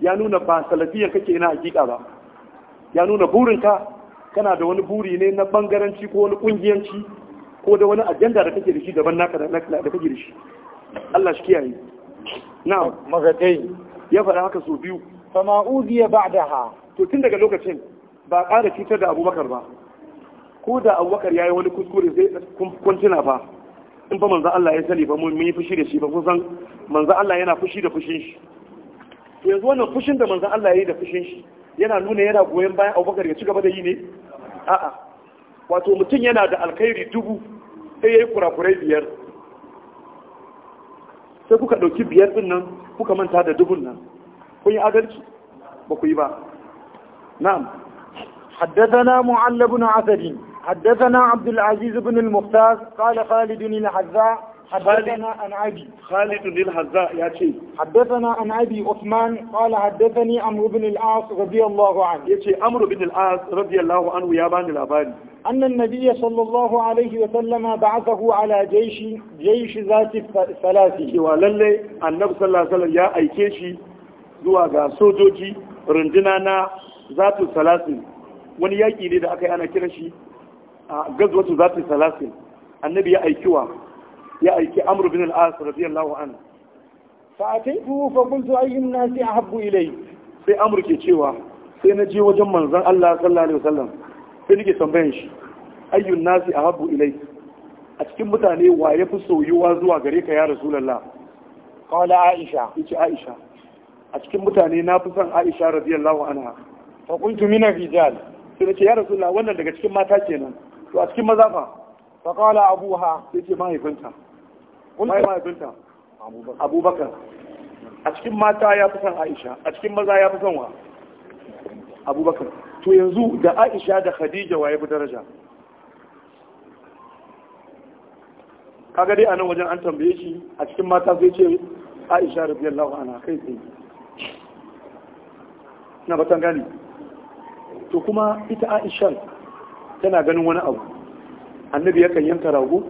ya nuna ba salafiyan kake ina hakika ba ya nuna burinka kana da wani buri ne na bangaranci ko wani kungiyanci ko da wani agenda da kake da shi daban naka da kake da shi Allah shi kiyaye na'am magatai ya faɗa haka so biyu fa ma'udiya ba'daha to tun daga lokacin ba ƙara cutar da Abubakar ba ko da abubakar ya yi wani kuskure sai kun fa in fa manzan Allah ya sani fa mun yi fushi da shi ba kun san manzan Allah yana fushi da fushin shi yanzu wannan fushin da manzan Allah ya yi da fushin shi yana nuna yana goyon bayan abubakar ya ci gaba da yi ne a'a wato mutum yana da alkhairi dubu sai ya yi kurakurai biyar sai kuka ɗauki biyar ɗin nan kuka manta da dubun nan kun yi adalci ba ku yi ba na'am حدثنا معل بن عثري حدثنا عبد العزيز بن المختار قال خالد الحذاء حدثنا عن أبي خالد الحذاء يا شيخ حدثنا عن أبي عثمان قال حدثني عمرو بن العاص رضي الله عنه يا شيخ عمرو بن العاص رضي الله عنه يا بان الأباني أن النبي صلى الله عليه وسلم بعثه على جيش جيش ذات الثلاث ولله النبي صلى الله عليه وسلم يا أيكيشي zuwa ga sojoji runduna na zatu salasin wani yaƙi ne da aka yi ana kiran shi gazwatu za ta salasin annabi ya aiki wa ya aiki amru bin al-as radiyallahu an fa ataitu fa qultu ayyun nasi ahabbu ilay sai amru ke cewa sai na je wajen manzon Allah sallallahu alaihi wasallam sai nake tambayan shi ayyun nasi ahabbu ilai. a cikin mutane wa ya fi soyuwa zuwa gare ka ya rasulullah qala aisha yace aisha a cikin mutane na fi son aisha radiyallahu anha fa qultu min rijal sai nace ya rasulullah wannan daga cikin mata kenan to a cikin maza fa fa qala abuha sai ce mahaifinta mai mahaifinta abubakar a cikin mata ya fi son aisha a cikin maza ya fi son wa abubakar to yanzu da aisha da khadija waye bi daraja kaga dai nan wajen an tambaye shi a cikin mata sai ce aisha radiyallahu anha kai tsaye na batan gani to kuma ita aisha tana ganin wani abu annabi yakan yanka rago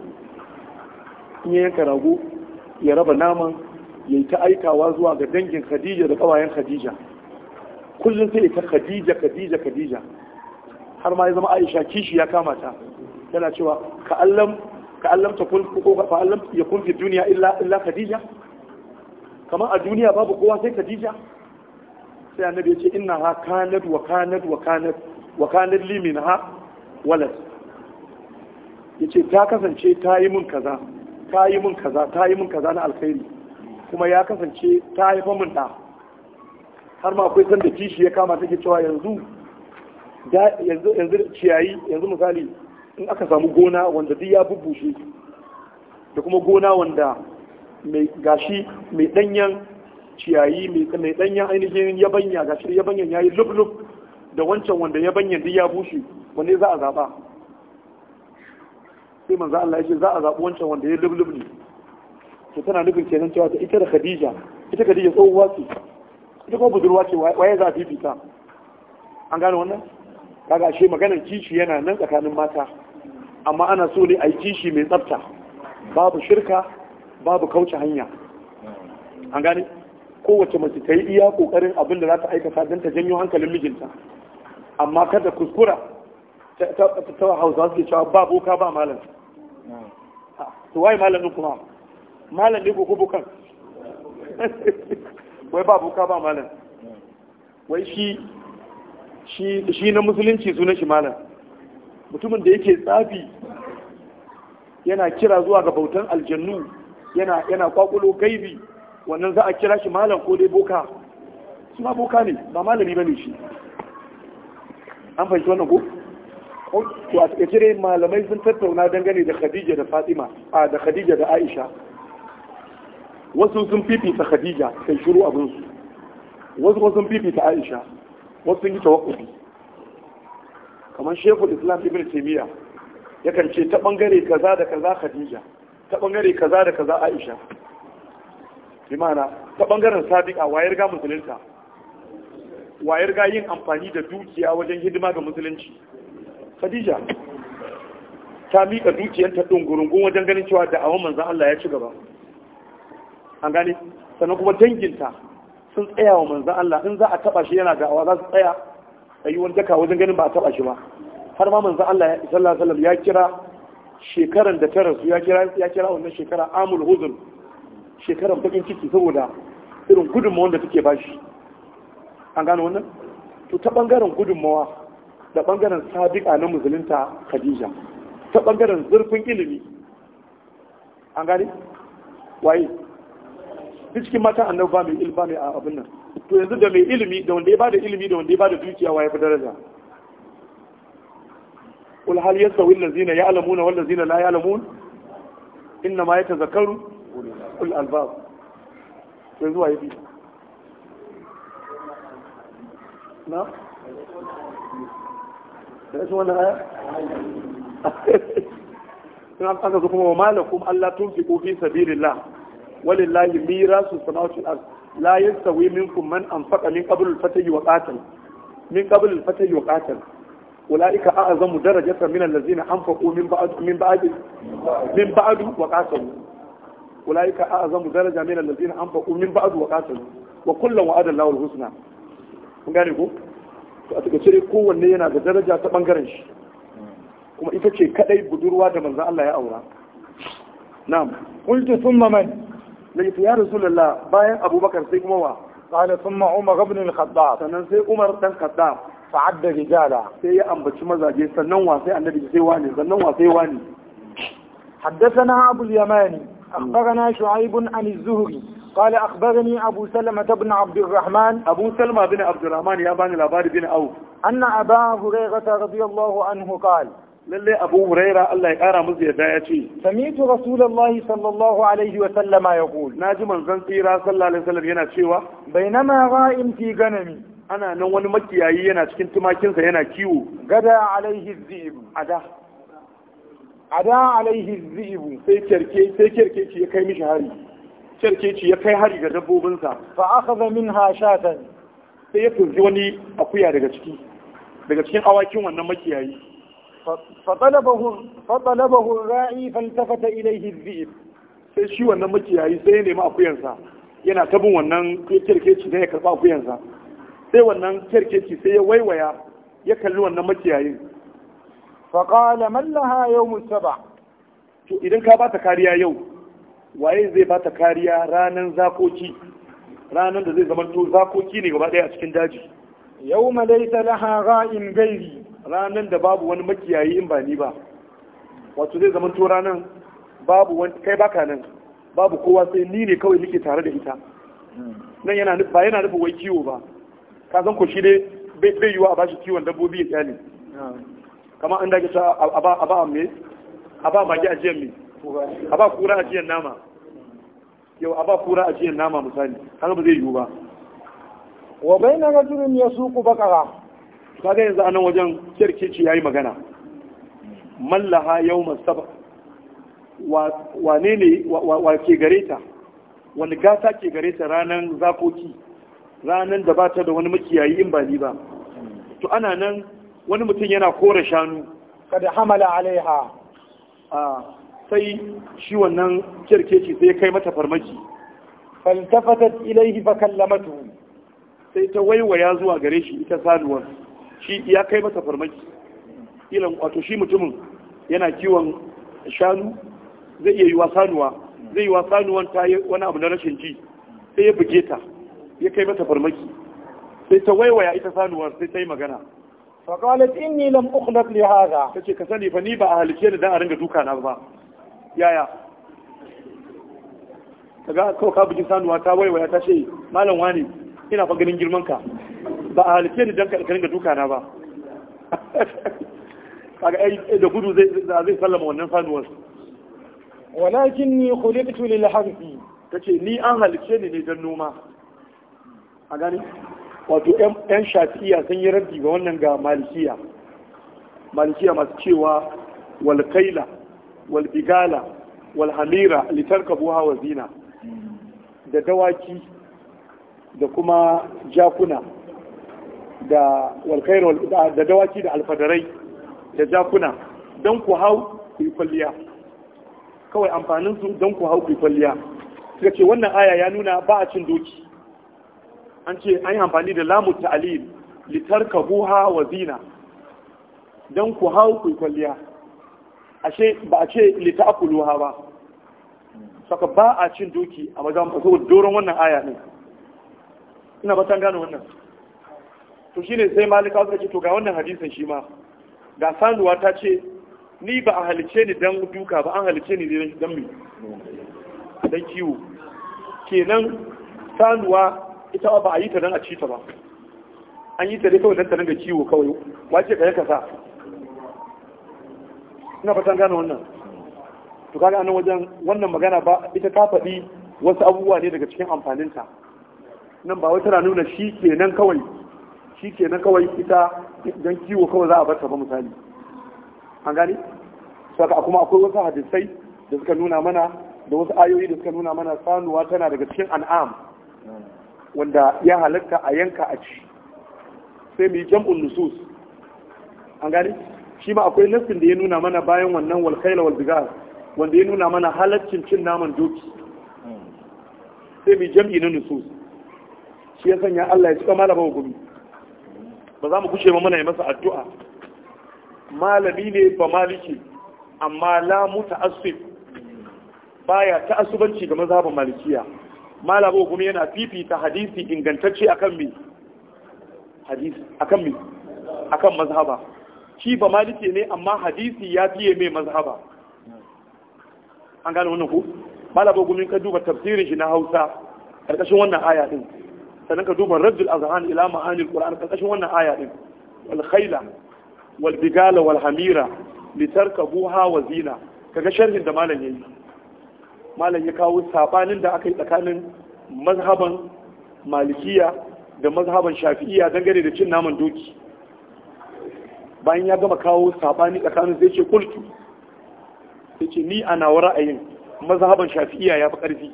in ya yanka rago ya raba naman ya yi ta aikawa zuwa ga dangin khadija da kawayen khadija kullum sai ta khadija khadija khadija har ma ya zama aisha kishi ya kama ta tana cewa ka allam ka allam ta kun ko fa allam ya kun duniya illa illa khadija kamar a duniya babu kowa sai khadija sai annabi ya ce inna ha kanat wa kanat wa kanat wa kanat li minha walad ce ta kasance ta yi mun kaza ta yi mun kaza ta yi mun kaza na alkhairi kuma ya kasance ta haifa mun da har ma akwai sanda kishi ya kama take cewa yanzu yanzu ciyayi yanzu misali in aka samu gona wanda duk ya bubbushe da kuma gona wanda mai gashi mai danyen ciyayi mai danyen ainihin yabanya gashi yabanyan yayi lub lub da wancan wanda yabanyan duk ya bushe wanne za a zaɓa sai manzo Allah ya ce za a zaɓi wancan wanda ya lublub ne to tana nufin kenan cewa ta ita da Khadija ita Khadija tsohuwa ce ita kuma budurwa ce waye za a fifita an gane wannan kaga ashe maganar kishi yana nan tsakanin mata amma ana so ne a yi kishi mai tsafta babu shirka babu kauce hanya an gane kowace mace ta yi iya kokarin abin da za ta aikata don ta janyo hankalin mijinta amma kada kuskura ta hausa suke cewa ba boka ba malam to wai malamin kuma malam ne ko bukan wai ba boka ba malam wai shi na musulunci sunan shi malam mutumin da yake tsafi yana kira zuwa ga bautan aljannu yana yana kwakulo gaibi wannan za a kira shi malam ko dai boka su ma boka ne ba malami ba ne shi an fahimci wannan ko to a takaice malamai sun tattauna dangane da khadija da fatima a da khadija da aisha wasu sun fifita khadija sai shiru abinsu wasu sun fifita aisha wasu sun yi tawakkufi kamar shekul islam ibn taimiyya ya ce ta bangare kaza da kaza khadija ta bangare kaza da kaza aisha imana ta bangaren sadiqa wayar ga musulunta wayar ga yin amfani da dukiya wajen hidima ga musulunci khadija ta miƙa dukiyarta ɗungurungun wajen ganin cewa da awon manzan Allah ya ci gaba an gane sannan kuma danginta sun tsaya wa manzan Allah in za a taɓa shi yana da'awa za su tsaya a yi wani daka wajen ganin ba a taɓa shi ba har ma manzan Allah sallallahu alaihi ya kira shekaran da ta rasu ya kira ya kira wannan shekara amul huzun shekaran bakin ciki saboda irin gudunmawa da take bashi an gane wannan to ta bangaren gudunmawa da bangaren sadiqa na musulunta khadija ta bangaren zurfin ilimi an gani waye duk cikin mata annabi ba mai ilba mai abin nan to yanzu da mai ilimi da wanda ya bada ilimi da wanda ya bada dukiya waye fi daraja qul hal yastawi allazina ya'lamuna wal ladzina la ya'lamun inna ma yatazakkaru qul albab to yanzu waye bi na sai shi aya in an aka su kuma wa malakum Allah tun fi sabilillah walillahi mirasu samawati wal ardh la yastawi minkum man anfaqa min qabl al yi wa qatal min qabl al yi wa qatal أولئك أعظم درجة من الذين أنفقوا من بعد من بعد من بعد وقاتلوا أولئك أعظم درجة من الذين أنفقوا من بعد وقاتلوا to a takaice kowanne yana da daraja ta bangaren shi kuma ita ce kaɗai budurwa da manzan Allah ya aura na'am sun thumma man laifi ya rasulullah bayan abubakar sai kuma wa qala thumma umar ibn al-khattab sannan sai umar dan khattab fa'adda rijala sai ya ambaci mazaje sannan wa sai annabi sai wani sannan wa sai wani حدثنا أبو اليماني أخبرنا شعيب عن Zuhri. قال أخبرني أبو سلمة بن عبد الرحمن أبو سلمة بن عبد الرحمن يا بني العباد بن أوف أن أبا هريرة رضي الله عنه قال lalle abu huraira Allah ya kara musu yadda ya ce samitu rasulullahi sallallahu alaihi wa sallama ya qul naji manzon tsira sallallahu alaihi yana cewa bainama ra'in fi ganami ana nan wani makiyayi yana cikin tumakinsa yana kiwo gada alaihi zib ada ada alaihi zib sai kerke ya kai mishi hari ci ya kai hari ga dabbobinsa fa akhadha minha shatan sai ya tunzi wani akuya daga ciki daga cikin awakin wannan makiyayi fa talabahu fa talabahu ra'i faltafata ilayhi dhib sai shi wannan makiyayi sai ya nemi akuyansa yana ta bin wannan ci sai ya karba akuyansa sai wannan ci sai ya waiwaya ya kalli wannan makiyayin fa qala man laha yawm sab'a to idan ka ba ta kariya yau waye zai bata kariya ranan zakoki ranan da zai zama to zakoki ne gaba daya a cikin daji yawma laysa laha ra'in gairi ranan da babu wani makiyayi in ba ni ba wato zai zama to ranan babu wani kai baka nan babu kowa sai ni ne kawai nake tare da ita hmm. nan yana ba yana nufin wai kiwo ba ka san ko shi dai bai yiwa a bashi kiwon dabbobi ya tsale hmm. kamar an dage ta a ba a ba me a ba magi ajiyar me a ba kura a jiyan nama yau a ba kura a jiyan nama misali haka ba zai yiwu ba wa bai na rajulun ya suku bakara kaga yanzu anan wajen kirkici ya yi magana mallaha yau masaba wane ne wa ke gare ta wani gata ke gare ta ranar zakoki ranar da ba ta da wani makiyayi in ba ni ba to ana nan wani mutum yana kora shanu kada hamala alaiha sai shi wannan kirkeci sai kai mata farmaki faltafatat ilaihi fa kallamatu sai ta waiwaya zuwa gare shi ita saduwar shi ya kai mata farmaki ilan wato shi mutumin yana kiwon shanu zai iya wa sanuwa zai wa sanuwan ta yi wani abu na rashin ji sai ya buge ta ya kai mata farmaki sai ta waiwaya ita sanuwar sai ta yi magana فقالت إني لم أخلق لهذا تشي كسني فني بقى هالشيء ده أرنج دوكا نبا yaya ga kawai ka bugin sanuwa ta waiwaya ta ce malam wani ina fa ganin girman ka ba a halittar ni dan ka da duka na ba kaga ai da gudu zai zai sallama wannan sanuwar walakinni khuliqtu lil hamdi tace ni an halice ni ne dan noma a gani wato yan shafiya sun yi rabbi ga wannan ga malikiya malikiya masu cewa walkaila Walbigala, Walhamira, wal hamira wa zina da dawaki da kuma jakuna da walkairu da dawaki da alfadarai da jakuna don ku hau ku kwalliya kawai amfaninsu don ku hau ku kwalliya suka ce wannan aya ya nuna ba a cin doki an ce an yi amfani da lamu ta litar kabuha wa zina don ku hau ku kwalliya ashe ba a ce lita'akuluha ba saka ba a cin doki a wajen saboda doron wannan aya ne ina ba gane wannan to shine sai malika suka ce to ga wannan hadisin shi ma ga sanuwa ta ce ni ba a halice ni dan duka ba an halice ni dan mi dan kiwo kenan sanuwa ita ba a yi ta dan a ci ta ba an yi ta dai kawai dan ta dinga kiwo kawai wace ka yaka sa ina fatan gane wannan to kaga anan wajen wannan magana ba ita ta faɗi wasu abubuwa ne daga cikin amfaninta nan ba wai tana nuna shi kenan kawai shi kenan kawai ita don kiwo kawai za a bar ta ba misali an gane saka kuma akwai wasu hadisai da suka nuna mana da wasu ayoyi da suka nuna mana sanuwa tana daga cikin an'am wanda ya halatta a yanka a ci sai mu jam'un nusus an gane shi ma akwai nassin da ya nuna mana bayan wannan walkaila khayla wanda ya nuna mana halaccin cin naman doki sai mai jam'i na nusus shi ya sanya Allah ya cika wa gumi ba za mu kushe ma muna yi masa addu'a malami ne ba maliki amma la muta'assib baya ta'assubanci ga mazhabin malikiya wa gumi yana fifita hadisi ingantacce akan me hadisi akan me akan mazhaba shi ba malike ne amma hadisi ya fiye mai mazhaba an gane wannan ku malabar gumin ka duba tafsirin shi na hausa karkashin wannan aya din sannan ka duba rajul azhan ila ma'anil qur'an karkashin wannan aya din wal khayla wal bigala wal hamira tarkabuha wa zina kaga sharhin da malam yayi malam ya kawo sabanin da aka yi tsakanin mazhaban malikiya da mazhaban shafi'iya dangane da cin naman doki bayan ya gama kawo sabani tsakanin zai ce kulki sai ce ni a nawa ra'ayin mazhaban shafi'iyya ya fi ƙarfi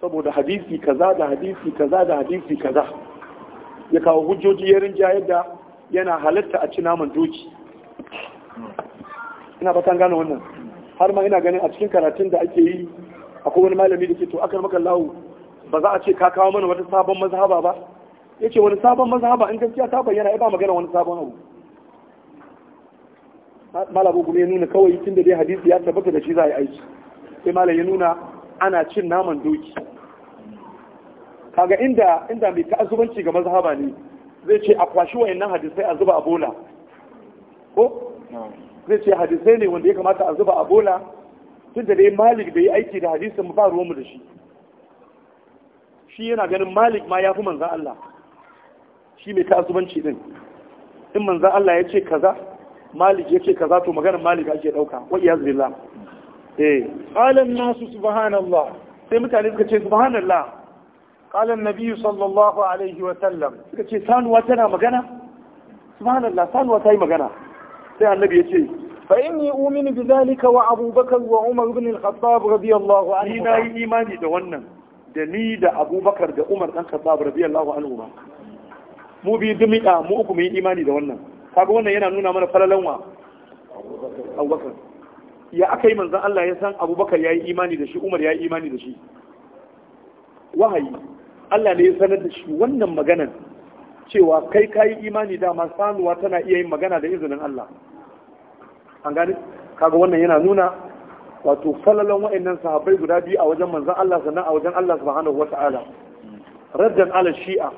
saboda hadisi kaza da hadisi kaza da hadisi kaza ya kawo hujjoji ya rinja yadda yana halatta a ci naman doki ina fatan gane wannan har ma ina ganin a cikin karatun da ake yi akwai wani malami da ke to akan maka lawo ba za a ce ka kawo mana wata sabon mazhaba ba yace wani sabon mazhaba in gaskiya ta bayyana ya ba magana wani sabon abu malabu kuma ya nuna kawai tun da dai hadisi ya tabbata da shi za a yi aiki sai malam ya nuna ana cin naman doki kaga inda inda mai ta'azzubanci ga mazhaba ne zai ce a kwashi wayannan hadisai a zuba a bola ko zai ce hadisai ne wanda ya kamata a zuba a bola tun da dai malik bai yi aiki da hadisin ba ruwanmu da shi shi yana ganin malik ma ya fi manzan Allah shi mai ta'azzubanci din in manzan Allah ya ce kaza malik yake kaza to maganar malik ake dauka wa iyaz billah eh qala nasu subhanallah sai mutane suka ce subhanallah qala an-nabi sallallahu alaihi wa sallam suka ce sanuwa tana magana subhanallah sanuwa ta yi magana sai annabi ya ce fa inni umini bi zalika wa abubakar wa umar bin al-khattab radiyallahu anhu ni na yi imani da wannan da ni da abubakar da umar dan khattab radiyallahu anhu mu bi dumika mu uku mu yi imani da wannan kaga wannan yana nuna mana falalan wa abubakar ya aka yi manzan Allah ya san abubakar ya yi imani da shi umar ya yi imani da shi wahayi Allah ne ya sanar da shi wannan maganan cewa kai ka yi imani dama sanuwa tana iya yin magana da izinin Allah an gani kaga wannan yana nuna wato falalan wa'annan sahabbai guda biyu a wajen manzan Allah sannan a wajen Allah subhanahu wata'ala raddan ala shi'a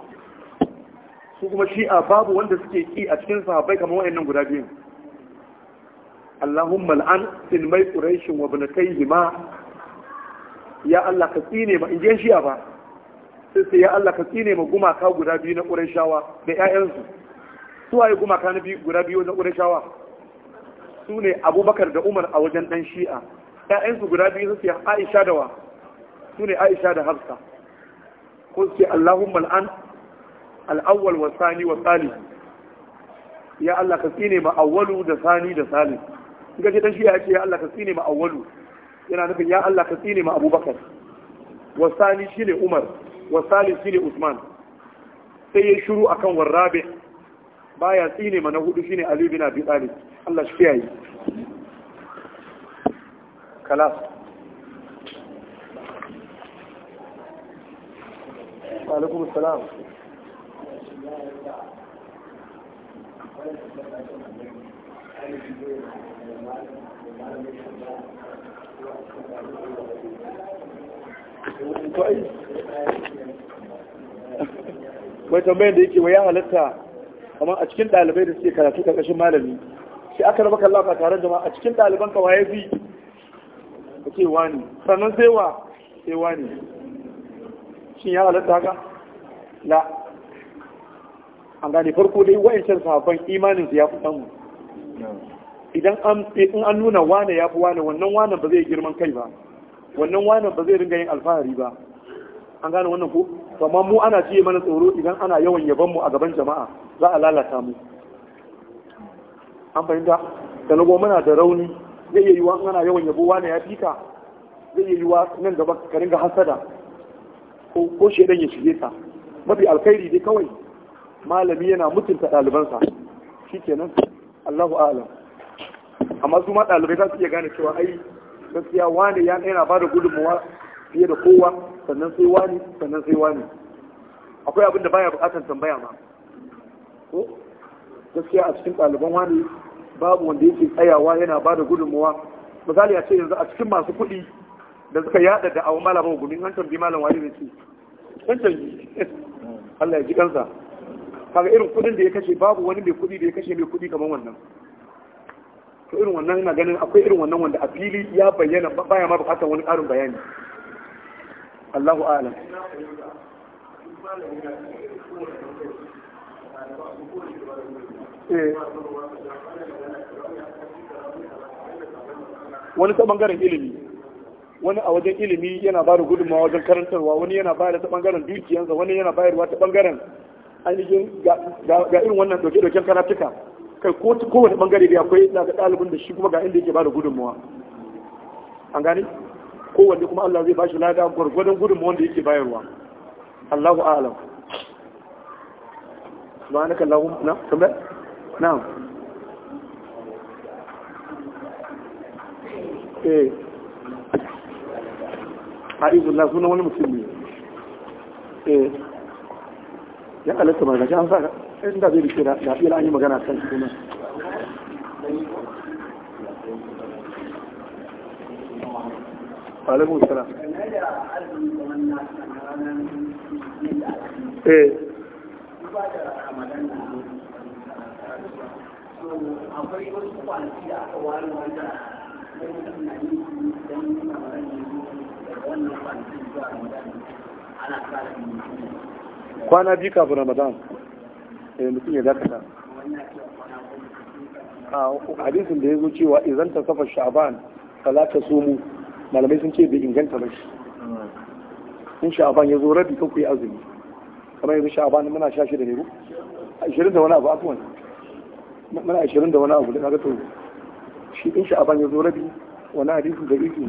su kuma shi'a babu wanda suke ki a cikin sahabbai kamar wayannan guda biyu Allahumma al'an mai quraishin wa ma ya Allah ka tsine ma inje shi'a ba sai sai ya Allah ka tsine ma gumaka guda biyu na qurayshawa da ƴaƴansu su waye gumaka na biyu guda biyu na qurayshawa su ne Abubakar da Umar a wajen dan shi'a ƴaƴansu guda biyu su Aisha da wa su ne Aisha da Hafsa ko sai Allahumma al'an al'awwal wa sani wa salih ya Allah ka tsine ma awwalu da sani da salih in ka ce dan shi'a ce ya Allah ka tsine ma awwalu yana nufin ya Allah ka tsine ma abubakar wa sani shi ne umar wa shi ne usman sai ya shiru akan warrabi baya tsine ma na hudu shine ali bin abi talib Allah shi kiyaye خلاص وعليكم السلام Wai mai tambayin da yake ya halatta kamar a cikin ɗalibai da suke karatu ƙarƙashin malami sai aka raba kallon ka tare jama'a a cikin daliban ka waye fi Ake ce wani sannan sai wa sai wani shin ya halatta haka la an gane farko dai wa'ancan sahabban imanin su ya fi samu idan an nuna wane ya fi wane wannan wane ba zai girman kai ba wannan wane ba zai ringa yin alfahari ba an gane wannan ko amma mu ana ciye mana tsoro idan ana yawan yaban mu a gaban jama'a za a lalata mu an fahimta da na goma muna da rauni zai iya yiwa ana yawan yabo wane ya fika zai iya yiwa nan gaba ka ringa hasada ko shedan ya shige ka mafi alkhairi dai kawai malami yana mutunta ɗalibansa shikenan Allahu a'lam amma su ma ɗalibai za su iya gane cewa ai gaskiya wani ya yana ba da gudunmawa fiye da kowa sannan sai wani sannan sai wani akwai abin da baya bukatar tambaya ma ko gaskiya a cikin ɗaliban wani babu wanda yake tsayawa yana ba da gudunmawa misali a ce yanzu a cikin masu kuɗi da suka yada da awon malaman gudun an tambi malam wani ne ce can canji Allah ya ji kansa kaga irin kudin da ya kashe babu wani mai kudi da ya kashe mai kudi kamar wannan to irin wannan na ganin akwai irin wannan wanda a fili ya bayyana baya ma bukatar wani karin bayani Allahu a'lam eh. wani ta bangaren ilimi wani a wajen ilimi yana ba da gudunmawa wajen karantarwa wani yana bayar ta bangaren dukiyansa wani yana bayarwa ta bangaren ainihin ga irin wannan doke-doken karatuka kai kowane bangare da akwai na ga ɗalibin da shi kuma ga inda yake ba da gudunmuwa an gani kowanne kuma Allah zai ba shi lada gwargwadon gudunmuwan da yake bayarwa Allahu a'lam subhanaka Allahumma na tambaya na eh a'udhu billahi wani musulmi eh ya halatta ba gashi an sa in zai rike da fiye an yi magana kan shi kuma alaikun sana eh akwai wasu kwanaki da aka wanda ana kara kwana biyu kafin ramadan eh mutum ya dakata a ah, hadisin da ya zo cewa idan ta safa sha'ban fala ta sumu malamai sun ce bai inganta ba shi in sha'ban ya zo rabi kai ku yi azumi kamar yanzu sha'ban muna sha da ne ashirin da wani abu wani? muna ashirin da wani abu da kaga to shi in sha'ban ya zo rabi wani hadisin da ifi ne